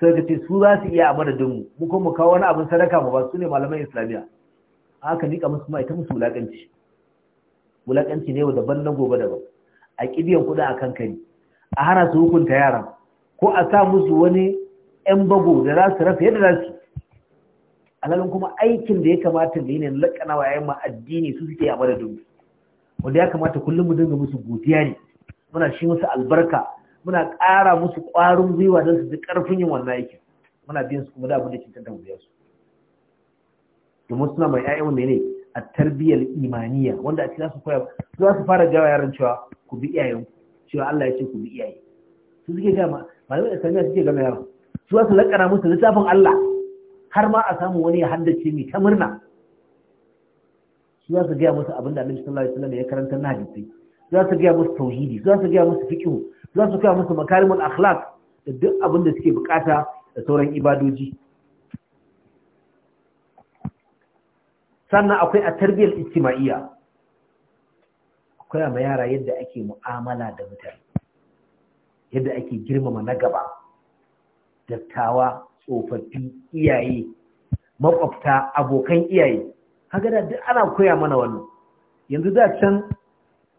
sai ka ce su za su iya a madadin mu mu kuma kawo wani abin sadaka mu ba su ne malaman islamiyya aka nika musu ma ita musu wulakanci wulakanci ne daban na gobe daban a kibiyan kuɗi a kan kari a hana su hukunta yara ko a sa musu wani yan bago da za su rasa yadda za su alhalin kuma aikin da ya kamata da ne lakana wa yayin addini su suke a madadin mu wanda ya kamata kullum mu dinga musu godiya ne muna shi musu albarka muna ƙara musu ƙwarin gwiwa don su ji ƙarfin yin wannan aikin muna biyan su kuma da abin da ke tantan biyar su domin suna mai ƴaƴan ne a tarbiyyar imaniya wanda a cikin su koya za su fara jawo yaran cewa ku bi iyayen cewa Allah ya ce ku bi iyaye su suke ga ma malamin sanya suke ga yaran su za su lakana musu littafin Allah har ma a samu wani ya haddace mai ta murna su za su gaya musu abin da Annabi sallallahu alaihi wasallam ya karanta na hadisi za su gaya musu tauhidi za su gaya musu fiqh za su gaya musu makarimul akhlaq da duk abin da suke bukata da sauran ibadoji sannan akwai a tarbiyyar ijtima'iyya akwai ma yara yadda ake mu'amala da mutane yadda ake girmama na gaba dattawa tsofaffi iyaye makwabta abokan iyaye haka da duk ana koya mana wannan yanzu da can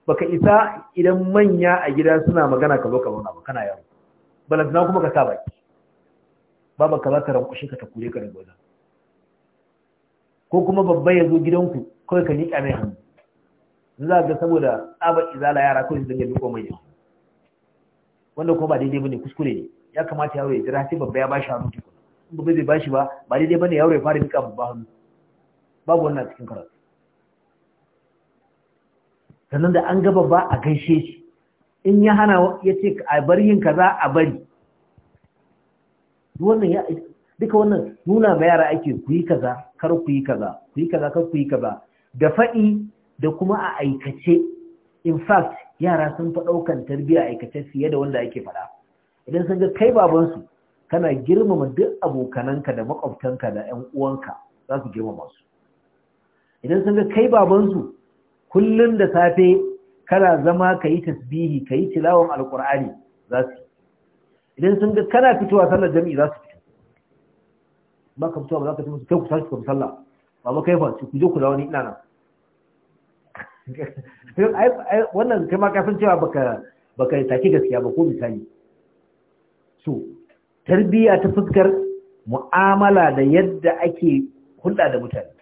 baka isa idan manya a gida suna magana ka zo ka zauna ba kana yaro balantana kuma ka sa baki baba ka za ta rankushe ka ta kure ka daga wajen ko kuma babba ya zo gidanku kawai ka liƙa mai hannu za ga saboda tsabar izala yara kawai su dinga liƙo mai yanzu wanda kuma ba daidai bane kuskure ne ya kamata yaro ya jira sai babba ya bashi hannu tukuna in babba bai bashi ba ba daidai bane yaro ya fara miƙa babba hannu babu wannan cikin karatu sannan da an gaba ba a gaishe shi in ya hana ya ce a bar yin kaza a bari duka wannan nuna ma yara ake ku yi kaza kar ku yi kaza ku yi kaza kar ku yi kaza da faɗi da kuma a aikace in fact yara sun fi ɗaukan tarbiyya aikace fiye da wanda ake faɗa idan sun ga kai babansu kana girmama duk abokananka da maƙwabtanka da 'yan uwanka za su girmama su idan sun ga kai babansu kullum da safe kana zama ka yi tasbihi ka yi tilawon Alƙur'ani za su idan sun ga kana fitowa sallar jami'i za su fito ba ka fitowa ba za ka fito kai ku sashi ku sallah ba ba kai fa ku je ku dawo ina nan wannan kai ma kafin cewa baka baka take gaskiya ba ko misali so tarbiyya ta fuskar mu'amala da yadda ake hulɗa da mutane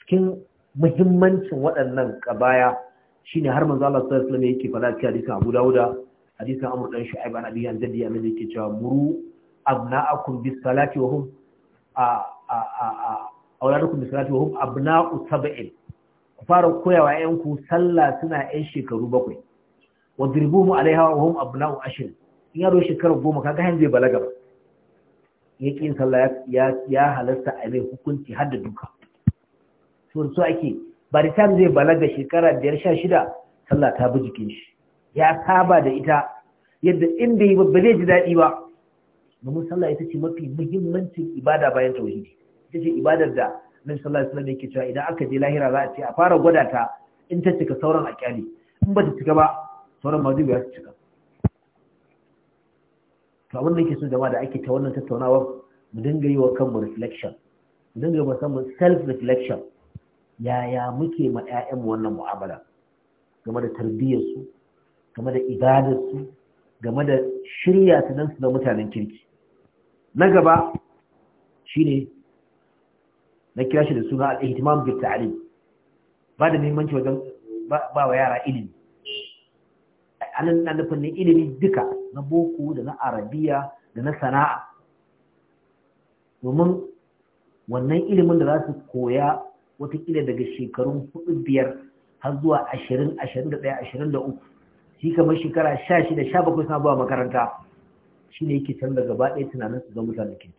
cikin muhimmancin waɗannan shi shine har manzo Allah sallallahu alaihi wasallam yake fada cikin hadisin Abu Dawud hadisin Amr dan Shu'aib an Abi Hanzali annabi yake cewa muru abna'akum bis salati wa hum a a a auladukum bis salati wa hum abna'u sab'in ku fara koyawa yanku sallah suna yan shekaru bakwai wa dirbuhum alaiha wa hum abna'u ashir in yaro shekaru goma kaga han zai balaga ba yakin sallah ya ya halasta a mai hukunci har da duka to ake ba da time zai balaga shekara biyar sha shida sallah ta bi jikin shi ya saba da ita yadda inda yi ba zai ji daɗi ba domin sallah ita ce mafi muhimmancin ibada bayan tauhidi ita ce ibadar da nan ya alaihi wasallam yake cewa idan aka je lahira za a ce a fara gwada ta in ta cika sauran a kyale, in ba ta cika ba sauran ma zai su cika to abin da yake so jama'a da ake ta wannan tattaunawar, mu dinga yi wa kanmu reflection mu dinga yi wa kanmu self reflection yaya muke ma 'ya'yanmu wannan mu'amala game da tarbiyyarsu game da ibadarsu game da shirya su don su da mutanen kirki na gaba shine na kira shi da suna al bil ta'lim ba da muhimmanci wajen ba wa yara ilimi anan na nufin ne ilimi duka na boko da na arabiya da na sana'a domin wannan ilimin da za su koya watakila daga shekarun hudu biyar har zuwa ashirin ashirin da ɗaya ashirin da uku shi kamar shekara sha shida sha bakwai suna zuwa makaranta shi ne yake canza gaba ɗaya tunanin su zama mutanen ci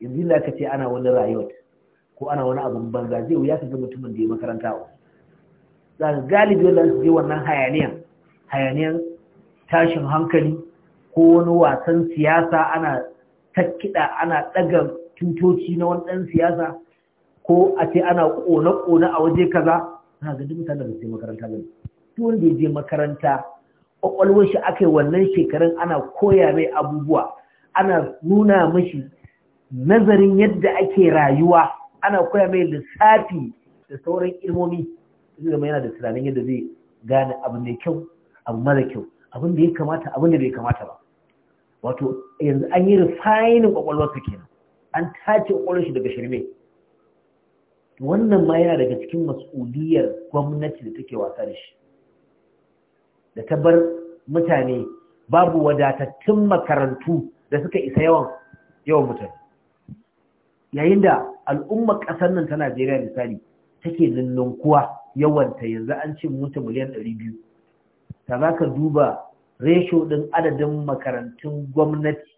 yanzu da aka ce ana wani rayuwar ko ana wani abu banza zai wuya ka ga mutumin da ya makaranta a za ka galibi wanda su je wannan hayaniyan hayaniyan tashin hankali ko wani wasan siyasa ana takkiɗa ana ɗaga tutoci na wani ɗan siyasa ko a ce ana ƙone-ƙone a waje kaza na ga duk da su makaranta ba duk wanda ya je makaranta ƙwaƙwalwar shi aka yi wannan shekarun ana koya mai abubuwa ana nuna mashi nazarin yadda ake rayuwa ana koya mai lissafi da sauran ilmomi zai zama yana da tunanin yadda zai gane abu mai kyau abu mara kyau abin da ya kamata abin da bai kamata ba wato yanzu an yi rufainin ka kenan an tace kwakwalwar shi daga shirme wannan ma yana daga cikin mas'uliyar gwamnati da take wasa da shi da ta bar mutane babu wadatattun makarantu da suka isa yawan yawan mutane yayin da al'ummar ƙasar nan ta Najeriya misali take kuwa yawanta yanzu an ce mutu miliyan 200 ta za ka duba resho ɗin adadin makarantun gwamnati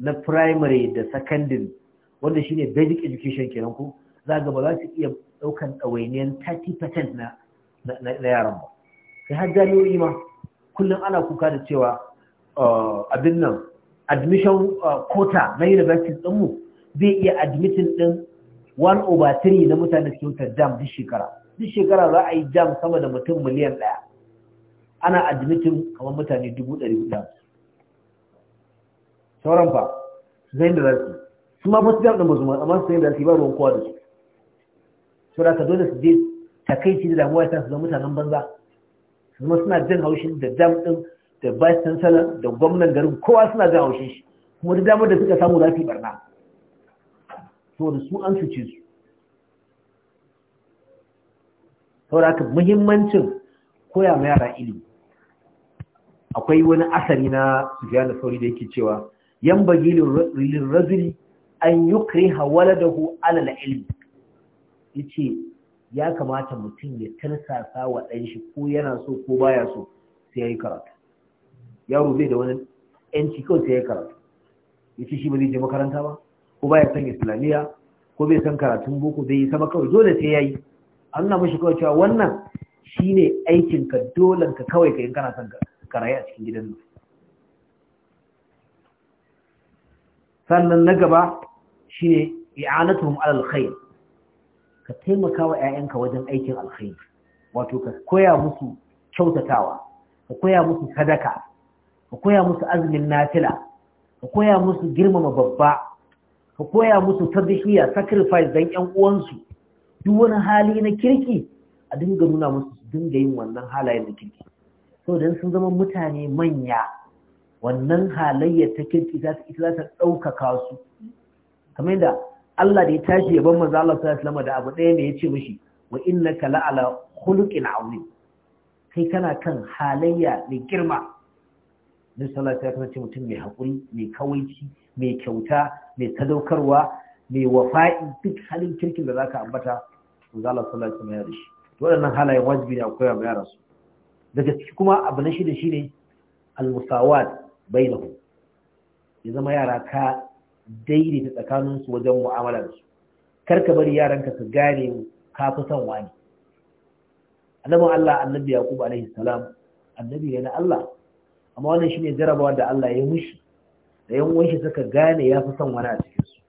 na primary da secondary wanda shine basic education kenan ko za ga ba za su iya ɗaukan ɗawainiyar 30% na yaran ba sai har jami'o'i ma kullum ana kuka da cewa uh, abin nan admission uh, quota na university ɗinmu zai iya admitting ɗin 1 over 3 na mutane suke wutar jam duk shekara duk shekara za a yi jam sama da mutum miliyan ɗaya ana admitting kamar mutane 400 sauran fa zai da zarfi su ma fasu jam ɗin ba su ma amma su zai da zarfi ba ruwan kowa da su saboda ka dole su je takaici da damuwa ya su zama mutanen banza su zama suna jin haushin da jam din da vice chancellor da gwamnan garin kowa suna jin haushin shi kuma da damar da suka samu za barna to barna su an suce su saboda haka muhimmancin koya ma yara ilimi akwai wani asali na Sufyan Sauri da yake cewa yan bagilin rajuli an yi yukriha waladahu ala al ilimi. ce ya kamata mutum ya tarsasa wa ɗan shi ko yana so ko baya so sai ya yi karatu yaro zai da wani yanci kawai sai ya yi karatu Ya ce shi ba zai je makaranta ba ko baya san islamiyya ko bai san karatun boko zai yi sama kawai dole sai yi an na mashi kawai cewa wannan shine aikin ka dole ka kawai ka yi kana son karaye a cikin gidan nan sannan na gaba shi ne i'anatuhum alal khair ka taimaka wa 'ya'yanka wajen aikin alkhairi wato ka koya musu kyautatawa ka koya musu sadaka ka koya musu azumin nafila ka koya musu girmama babba ka koya musu tadhiya sacrifice don 'yan uwansu duk wani hali na kirki a dinga nuna musu dinga yin wannan halayen da kirki so don sun zama mutane manya wannan halayyar ta kirki za ta ɗaukaka su kamar yadda Allah da ya tashi yaban manzo Allah sallallahu alaihi da abu ɗaya ne ya ce mishi wa innaka la'ala khuluqin azim kai kana kan halayya mai girma ne sallallahu alaihi wasallam mutum mai hakuri mai kawaici mai kyauta mai sadaukarwa mai wafa'i duk halin kirkin da zaka ambata manzo Allah sallallahu alaihi wasallam ya rishi waɗannan halayen wajibi ne akwai wa yara su daga ciki kuma abu na shi da shi ne al-musawat bainahum ya zama yara ka daidaita tsakaninsu wajen da su kar ka bari yaranka su gane ka fi son wani annabin Allah annabi Yaqub alaihi salam annabi ne na Allah amma wannan shine jarabawa da Allah ya mushi da yan uwan suka gane ya fi son wani a cikin su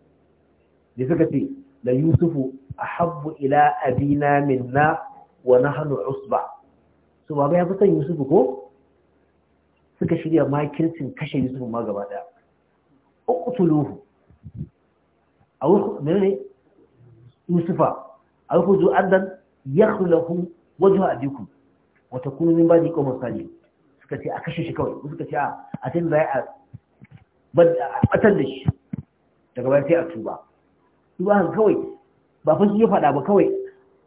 da suka ce la yusufu ahabbu ila abina minna wa nahnu usba so baba ya fi son yusufu ko suka shirya makircin kashe yusufu ma gaba daya uqtuluhu a wasu ne yusufa a wasu zuwa addan ya hulahu wajen ajikun wata kunumin ba ji komar sani suka ce a kashe shi kawai suka ce a tun zai a batar da shi daga bayan sai a tuba tuba haka kawai ba fa shi ya faɗa ba kawai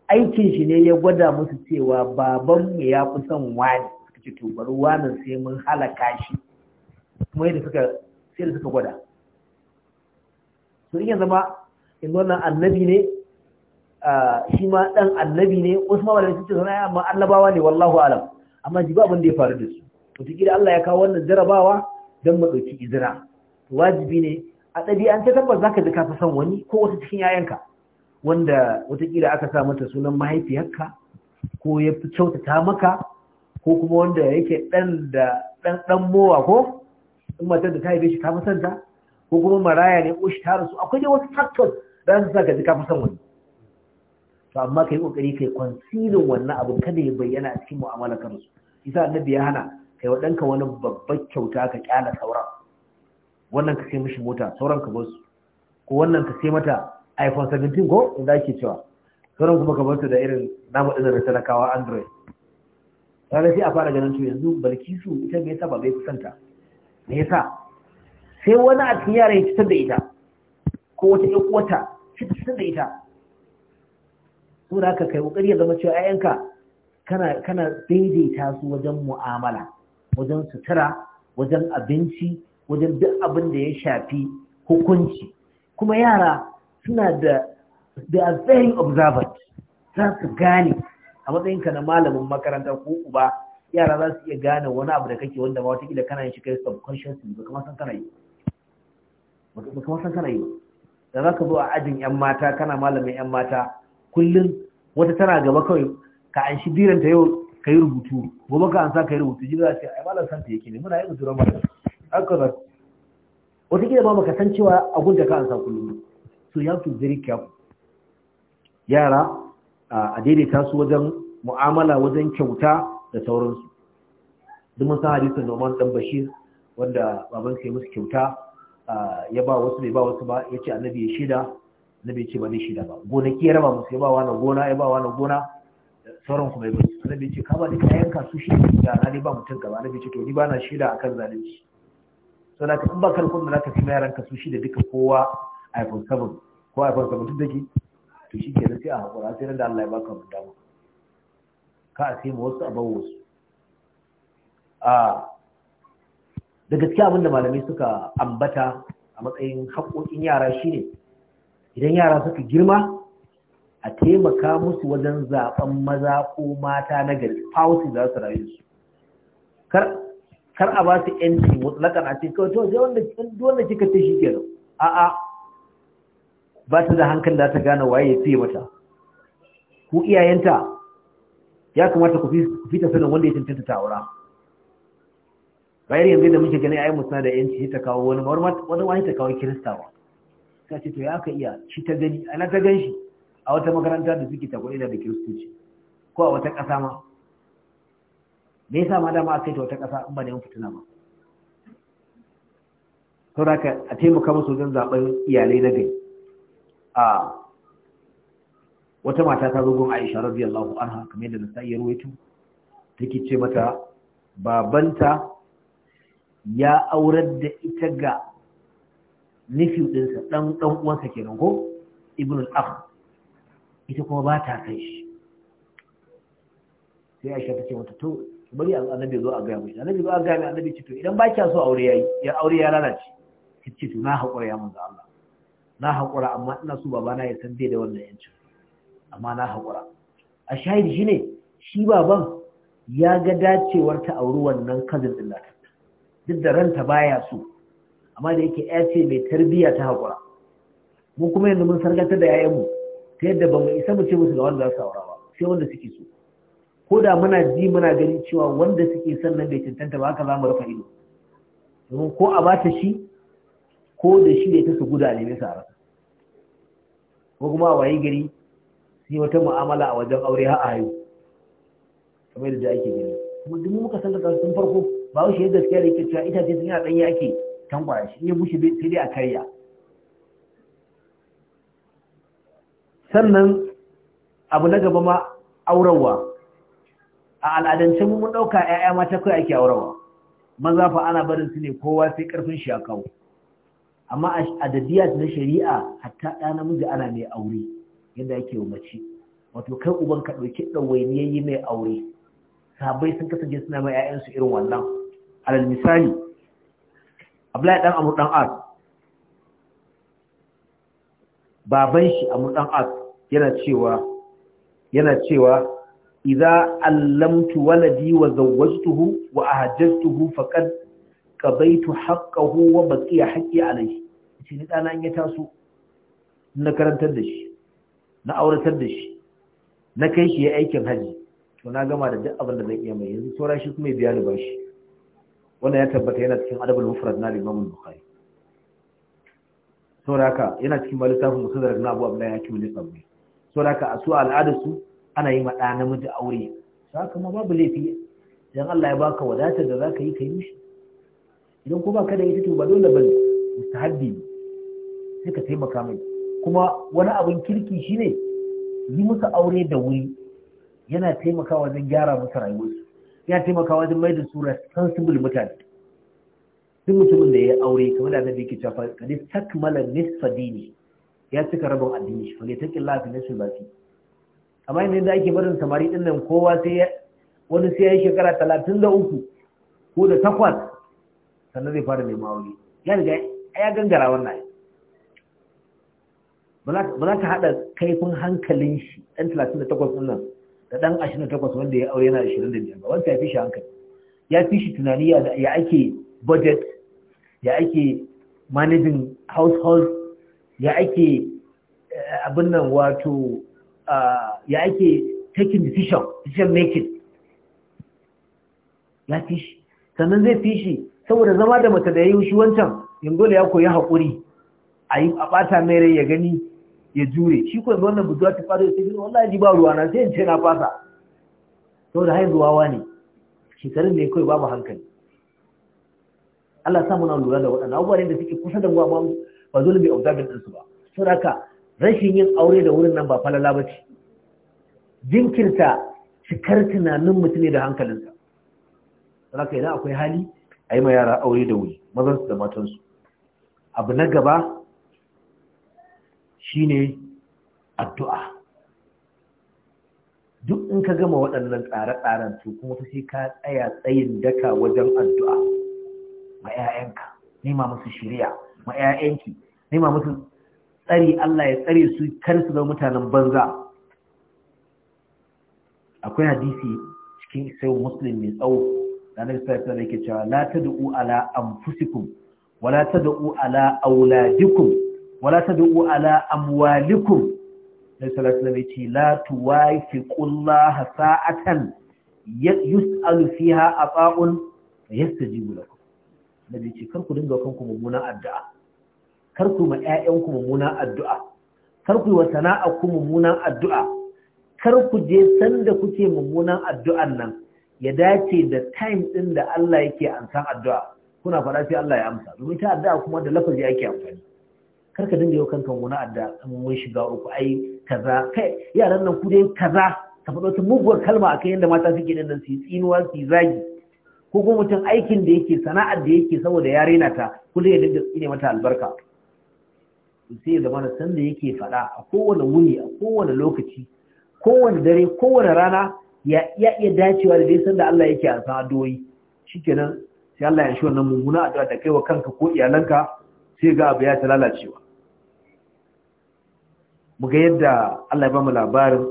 aikin shi ne ya gwada musu cewa baban mu ya fi son wani suka ce to bari wani sai mun halaka shi kuma yadda suka sai da suka gwada su iya zama in wannan annabi ne shi ma ɗan annabi ne wasu ma da sun ce sana'a amma annabawa ne wallahu alam amma ji ba abin da ya faru da su wataƙila Allah ya kawo wannan jarabawa don mu ɗauki izira wajibi ne a ɗabi'ance tabbas za ji ka fi son wani ko wata cikin yayanka wanda wataƙila aka sa mata sunan mahaifiyarka ko ya fi kyautata maka ko kuma wanda yake ɗan da ɗan ɗan mowa ko in matar da ta haife shi ka fi son ko kuma maraya ne ko shi ta rasu akwai dai wasu factors da su saka ji kafin san wani to amma kai kokari kai concealing wannan abu kada ya bayyana a cikin mu'amalar kan su isa annabi ya hana kai wa danka wani babbar kyauta ka kyala sauran wannan ka sai mishi mota sauran ka bar su ko wannan ka sai mata iPhone 17 ko inda ake cewa sauran kuma ka bar su da irin namu ɗin da talakawa Android sai sai a fara ganin to yanzu balkisu ita me yasa ba bai kusanta me yasa sai wani a cikin yaran ya cutar da ita ko wata ya uwata shi cutar da ita saboda haka kai kokari ya zama cewa ayyanka kana daidaita su wajen mu'amala wajen sutura wajen abinci wajen duk abin da ya shafi hukunci kuma yara suna da da very observant za su gane a matsayin ka na malamin makaranta ko uba yara za su iya gane wani abu da kake wanda ba watakila kana yin shi kai subconscious ba kuma san kana yi baka kuma san kana yi da za ka zo a ajin yan mata kana malamin yan mata kullum wata tana gaba kawai ka an shi diranta yau ka yi rubutu gobe ka an sa ka yi rubutu ji ce ai malam santa yake ne muna yin rubutu malam haka za wata kila ba baka san cewa a gunta ka an sa kullum so ya have very careful yara a daidaita su wajen mu'amala wajen kyauta da sauransu duk mun san hadisin umar dan Bashir wanda baban sai musu kyauta ya ba wasu bai ba wasu ba ya ce annabi ya shida annabi ya ce ba zai shida ba gonaki ya raba musu ya ba wani gona ya ba wani gona sauran kuma ya basu annabi ya ce ka ba da kayan kasu shi ne na hali ba mutum gaba annabi ya ce to ni ba na shida akan zalunci sau da in ba kun da za ka fi na yaran kasu shida duka kowa iphone 7 ko iphone 7 duk da ke to shi ke sai a hakura sai da Allah ya baka mu dama ka a sai mu wasu a bawa wasu a da gaskiya abinda malamai suka ambata a matsayin haƙoƙin yara shine idan yara suka girma a taimaka musu wajen zaɓen maza ko mata na gari fawusi za su rayu su kar a ba su yanci mutlakan a cikin kawai sai wanda wanda kika ce shi kenan a'a ba ta da hankali za ta gane waye ya fiye mata ku iyayenta ya kamata ku fita sanin wanda ya cancanta ta aura bayar yanzu da muke gani ai musna da yanci ta kawo wani wani wani ta kawo kirista ba sai ce to ya ka iya shi ta gani ana ta gan shi a wata makaranta da suke takwai da kiristoci ko a wata ƙasa ma me yasa ma dama aka yi ta wata ƙasa in ba da yan fitina ba to da ka a taimaka musu wajen zaɓen iyalai na gari a wata mata ta zo gun Aisha radiyallahu anha kamar yadda Nasa'i ya Ta take ce mata babanta ya aurar da ita ga nufi ɗinsa ɗan ɗan uwansa kenan ko ibn al ita kuma ba ta kai shi sai aisha ta ce mata to bari annabi zo a gaya mishi annabi zo a gaya annabi ce to idan ba kya so aure yayi ya aure ya lalace kace to na haƙura ya manzo Allah na haƙura amma ina so babana ya san dai da wannan yanci. amma na haƙura a shahidi shine shi baban ya ga dacewar ta auri wannan kazin din nata duk da ranta baya so amma da yake ya ce mai tarbiyya ta haƙura mu kuma yanzu mun sargantar da yayanmu ta yadda ba mu isa mu ce musu ga wanda za su aura ba sai wanda suke so ko da muna ji muna ganin cewa wanda suke son nan bai cancanta ba haka za mu rufe ido domin ko a bata shi ko da shi ne ta su guda ne bisa rasa ko kuma a waye gari sai wata mu'amala a wajen aure har a hayo kamar da ake gani kuma duk muka san da sun farko ba wuce yadda suke da yake cewa itace sun suna ɗanye ake tankwara shi ya bushe sai dai a karya sannan abu na gaba ma aurawa a al'adance mun ɗauka 'ya'ya mata kai ake aurawa maza fa ana barin su ne kowa sai ƙarfin shi a kawo amma a dadiya na shari'a hatta ɗa namiji ana mai aure yadda yake wa mace wato kai uban ka ɗauki ɗawainiyar yi mai aure sabai sun kasance suna mai 'ya'yansu irin wannan alal misali abdullahi dan amur dan as baban shi amur dan as yana cewa yana cewa idza allamtu waladi wa zawwajtuhu wa ahajjtuhu faqad qadaytu haqqahu wa baqiya haqqi alayhi shi ni dana ya taso na karantar da shi na auratar da shi na kai shi ya aikin haji to na gama da duk abin da zan iya mai yanzu saura shi kuma ya biya ni bashi wannan ya tabbata yana cikin adabul mufrad na Imam Bukhari saboda haka yana cikin malittafin musaddarar na Abu Abdullah Hakim ne sabbi saboda haka a su al'ada su ana yi ma namiji aure saka ma babu laifi idan Allah ya baka wadatar da zaka yi kai mishi idan ko baka da ita to ba dole bane mustahabbi sai ka taimaka mai kuma wani abin kirki shine yi musu aure da wuri yana taimakawa wajen gyara musu rayuwarsu ya taimaka wajen mai da sura sensible mutane duk mutumin da ya aure kamar da annabi yake cewa ka ne takmala nisfa dini ya cika rabin addini shi fa ne lafi na shi lafi amma yanzu da ake barin samari din nan kowa sai wani sai ya yi shekara talatin da uku ko da takwas sannan zai fara neman aure ya riga ya gangara wannan ba za ka haɗa kaifin hankalin shi ɗan talatin da takwas ɗin nan da dan 28 wanda ya aure yana 25 ba wanda ya fi shi hankali ya fi shi tunani ya ake budget ya ake managing household ya ake eh, abin nan wato ah, ya ake taking decision decision making ya fi shi sannan zai fi shi saboda zama da mata da ya yi shi wancan yanzu ya koyi haƙuri a ɓata mai rai ya gani ya jure shi ko wannan buduwa ta fara sai wallahi ji ba ruwa na sai in ce na fasa da haihuwa wa ne shekarun ne kawai babu hankali Allah samu na lura da waɗannan abubuwa ne da suke kusa da mu ba zo ne bai observing ɗinsu ba saboda rashin yin aure da wurin nan ba falala ba ce jinkirta cikar tunanin mutum ne da hankalinsa haka idan akwai hali a yi ma yara aure da wuri mazansu da matansu abu na gaba shine addu'a duk in ka gama waɗannan tsare-tsaren to kuma sai ka tsaya tsayin daka wajen addu'a ma 'ya'yanka nema musu shirya ma 'ya'yanki nema musu tsari Allah ya tsare su kar su zama mutanen banza akwai hadisi cikin sai muslim mai tsawo da nabi sallallahu alaihi yake cewa la tad'u ala anfusikum wa la tad'u ala auladikum wala tad'u ala amwalikum Nabi sallallahu alaihi wasallam yace la tuwafiqullaha sa'atan yus'alu fiha ata'un fayastajibu lakum Nabi yace kar ku dinga kanku mummunan addu'a kar ku ma ƴaƴanku mummunan addu'a kar ku wa sana'arku mummunan addu'a kar ku je sanda kuke mummunan addu'an nan ya dace da time ɗin da Allah yake ansan addu'a kuna faɗa sai Allah ya amsa domin ta addu'a kuma da lafazi ake amfani kar ka dinga yau kanka wani adda in shiga uku ai kaza kai yaran nan ku dai kaza ka faɗo ta muguwar kalma akan yadda mata suke nan su yi tsinuwa su yi zagi ko kuma mutum aikin da yake sana'ar da yake saboda ya rena ta ku dai dinga tsine mata albarka sai da mana san da yake faɗa a kowane wuni a kowane lokaci kowane dare kowane rana ya iya dacewa da dai san da Allah yake a san addu'o'i shikenan sai Allah ya shi wannan mummuna addu'a da kaiwa kanka ko iyalanka sai ga abu ya ta lalacewa muga yadda Allah ya ba labarin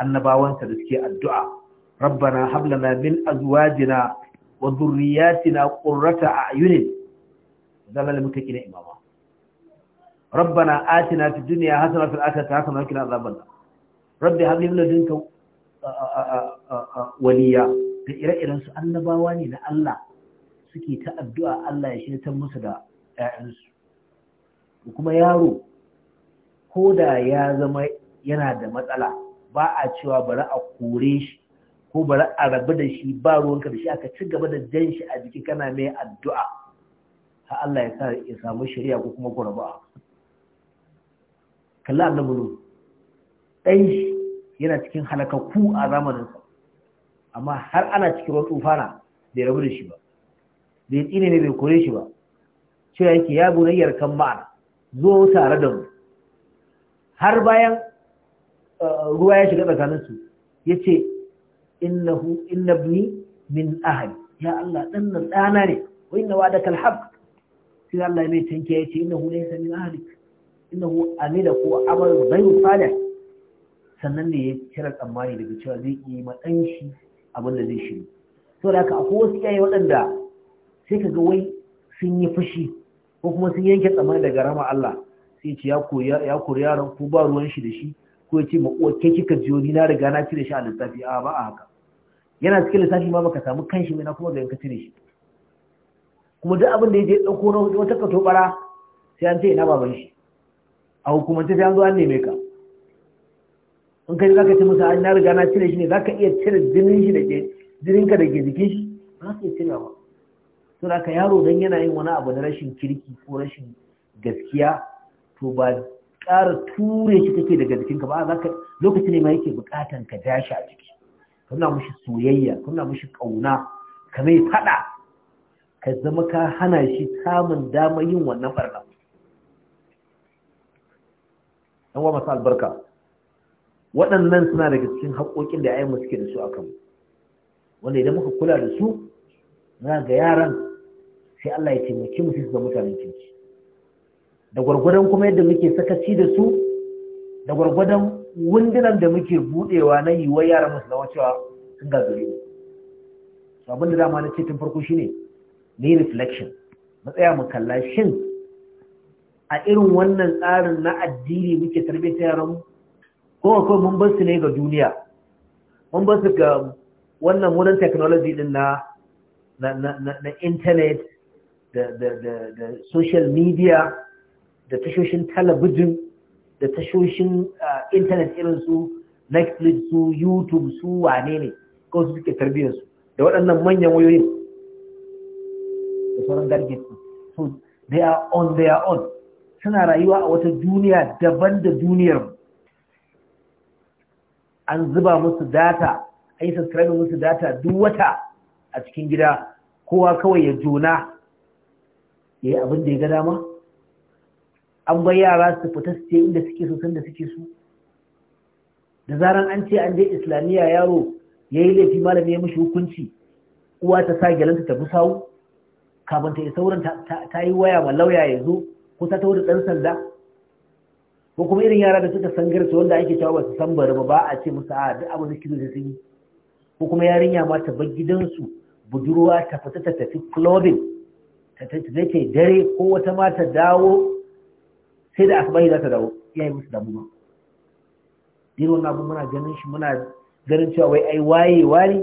annabawansa da suke addu'a rabbana hab lana min azwajina wa dhurriyyatina qurrata a'yunin zalal kina imama rabbana atina fid dunya hasanatan fil akhirati hasanatan wa qina adhaban rabbi hab li min ladunka waliya da ire-iren su annabawa ne na Allah suke ta addu'a Allah ya shirya musu da ‘ya'yansu kuma yaro ko da ya zama yana da matsala ba a cewa bari a kore shi ko bari a rabu da shi ba ruwanka da shi aka ci gaba da jan shi a jiki kana mai addu'a har Allah ya sa ya samu shari'a ko kuma ku rabu kalla mulu dan shi yana cikin halakakku a zamanin sa amma har ana cikin wata tufana bai rabu da shi ba bai tsine ne bai kore shi ba cewa yake ya bunayyar kan ma'ana zo tare da mu har bayan uh, ruwa ya shiga tsakaninsu ya ce inna innabni min ahli ya Allah 'ɗan nan dana ne wa inna da kalhaf sai Allah mai tanke ya ce hu laysa min ahli hu amila ko amal ghayr salih sannan ne ya kira tsammani daga cewa zai yi matsanshi shi abin da zai shi to da haka akwai wasu iyaye waɗanda sai ka ga wai sun yi fushi ko kuma sun yanke tsammani daga rama Allah sai ce ya kori yaron ko ba ruwan shi da shi ko ya ce ma uwa ke kika jiyo ni na riga na cire shi a lissafi a ba a haka yana cikin lissafi ma baka samu kan shi mai na kuma ga yanka cire shi kuma duk abin da ya je ɗauko na wata kato bara sai an ce ina baban shi a hukumance sai an zo an neme ka in kai zaka ce musu an na riga na cire shi ne zaka iya cire jinin shi da ke jinin ka da ke jikin shi ba sai iya cire ba to da ka yaro dan yana yin wani abu na rashin kirki ko rashin gaskiya to ba ƙara ture shi take daga jikinka ba za ka lokaci ne ma yake buƙatan ka dashi a jiki Kuna mushi soyayya kuna mushi ƙauna ka mai faɗa ka zama ka hana shi samun dama yin wannan barna ɗan wa masu albarka waɗannan suna daga cikin haƙoƙin da ayyanmu suke da su a kanmu wanda idan muka kula da su za ga yaran sai Allah ya taimake mu su zama mutanen kirki da gwargwadon kuma yadda muke sakaci da su da gwargwadon wundunan da muke budewa na yiwa yaran masu da cewa sun gagare su abin da dama na ce tun farko shine ne reflection matsaya mu kalla shin a irin wannan tsarin na addini muke tarbe ta yaran mu ko kawai mun bar su ne ga duniya mun bar su ga wannan wurin technology din na na na na internet da da da social media da tashoshin talabijin da tashoshin intanet irin su netflix su youtube su wane ne ko su suke tarbiyyarsu da waɗannan manyan wayoyin da sauran gargin so they are on they are on suna rayuwa a wata duniya daban da duniyar an zuba musu data an yi subscribe musu data duk wata a cikin gida kowa kawai ya jona ya yi abin da ya ga dama an bai yara su fita su ce inda suke so sanda suke so da zaran an ce an je islamiyya yaro ya yi laifi malami ya mashi hukunci uwa ta sa gyalanta ta bi sawu kafin ta yi sauran ta yi waya ma lauya ya zo ko ta tauri ɗan sanda ko kuma irin yara da suka san garsu wanda ake cewa ba su san bari ba a ce musu a duk abin da kizo da sun yi ko kuma yarinya ma ta bar gidansu budurwa ta fita ta tafi clubbing ta tafi dare ko wata ma ta dawo sai da asibai za ta dawo ya yi musu damu ba irin wannan abu muna ganin shi muna ganin cewa wai ai waye wani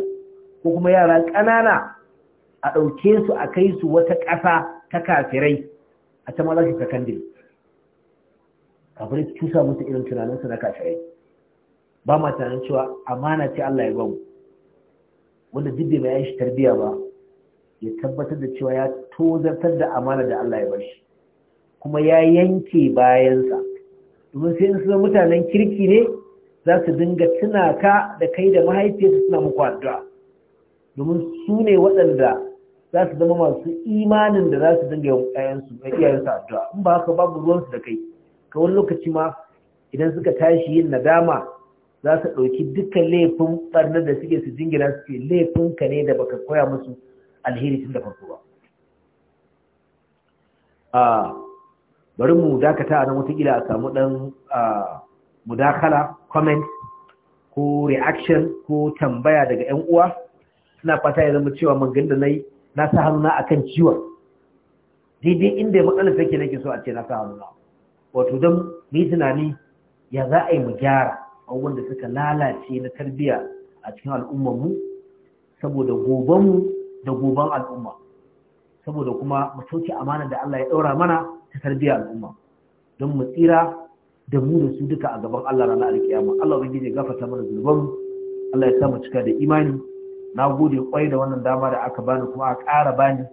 ko kuma yara ƙanana a ɗauke su a kai su wata ƙasa ta kafirai a ta ma za su sakandare kafirai su cusa musu irin su na kafirai ba ma tunanin cewa amana ce Allah ya bamu wanda duk bai mai shi tarbiyya ba ya tabbatar da cewa ya tozartar da amana da Allah ya bashi kuma ya yanke bayansa domin sai su mutanen kirki ne za su dinga tuna ka da kai da mahaifiyarsa suna muku addu'a domin su ne waɗanda za su zama masu imanin da za su dinga yayansu da iyayensu addu'a in ba haka babu ruwansu da kai ka wani lokaci ma idan suka tashi yin nadama za su ɗauki dukkan laifin ɓarnar da suke su jingina su ce ka ne da baka koya musu alheri tun da farko ba ah, bari mu dakata a nan watakila a samu ɗan mudakala comment ko reaction ko tambaya daga 'yan uwa suna fata ya zama cewa mangan da na yi na sa hannuna a kan ciwon daidai inda matsalar take nake so a ce na sa hannuna wato don muyi tunani ya za a yi mu gyara abubuwan da suka lalace na tarbiyya a cikin mu saboda gobanmu da goban al'umma saboda kuma mu sauke amana da Allah ya ɗaura mana ta tarbiyyar al'umma don mu tsira da mu da su duka a gaban Allah ranar alkiyama Allah ubangiji ya gafarta mana zunuban Allah ya sa mu cika da imani na gode kwai da wannan dama da aka bani kuma a ƙara bani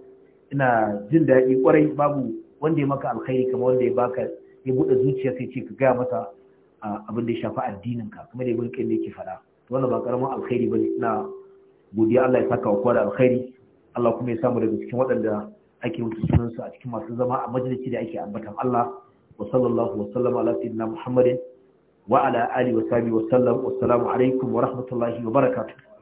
ina jin daɗi kwarai babu wanda ya maka alkhairi kamar wanda ya baka ya buɗe zuciya sai ce ka gaya masa abin da ya shafi addinin ka kuma da ibn da yake faɗa wannan ba karamin alkhairi bane ina godiya Allah ya saka wa kowa da alkhairi Allah kuma ya samu daga cikin waɗanda ake wuce sunansu a cikin masu zama a majalisi da ake ambatan Allah wa sallallahu wa sallam ala sayyidina Muhammadin wa ala alihi wa sahbihi wa sallam wa assalamu alaikum wa rahmatullahi wa barakatuh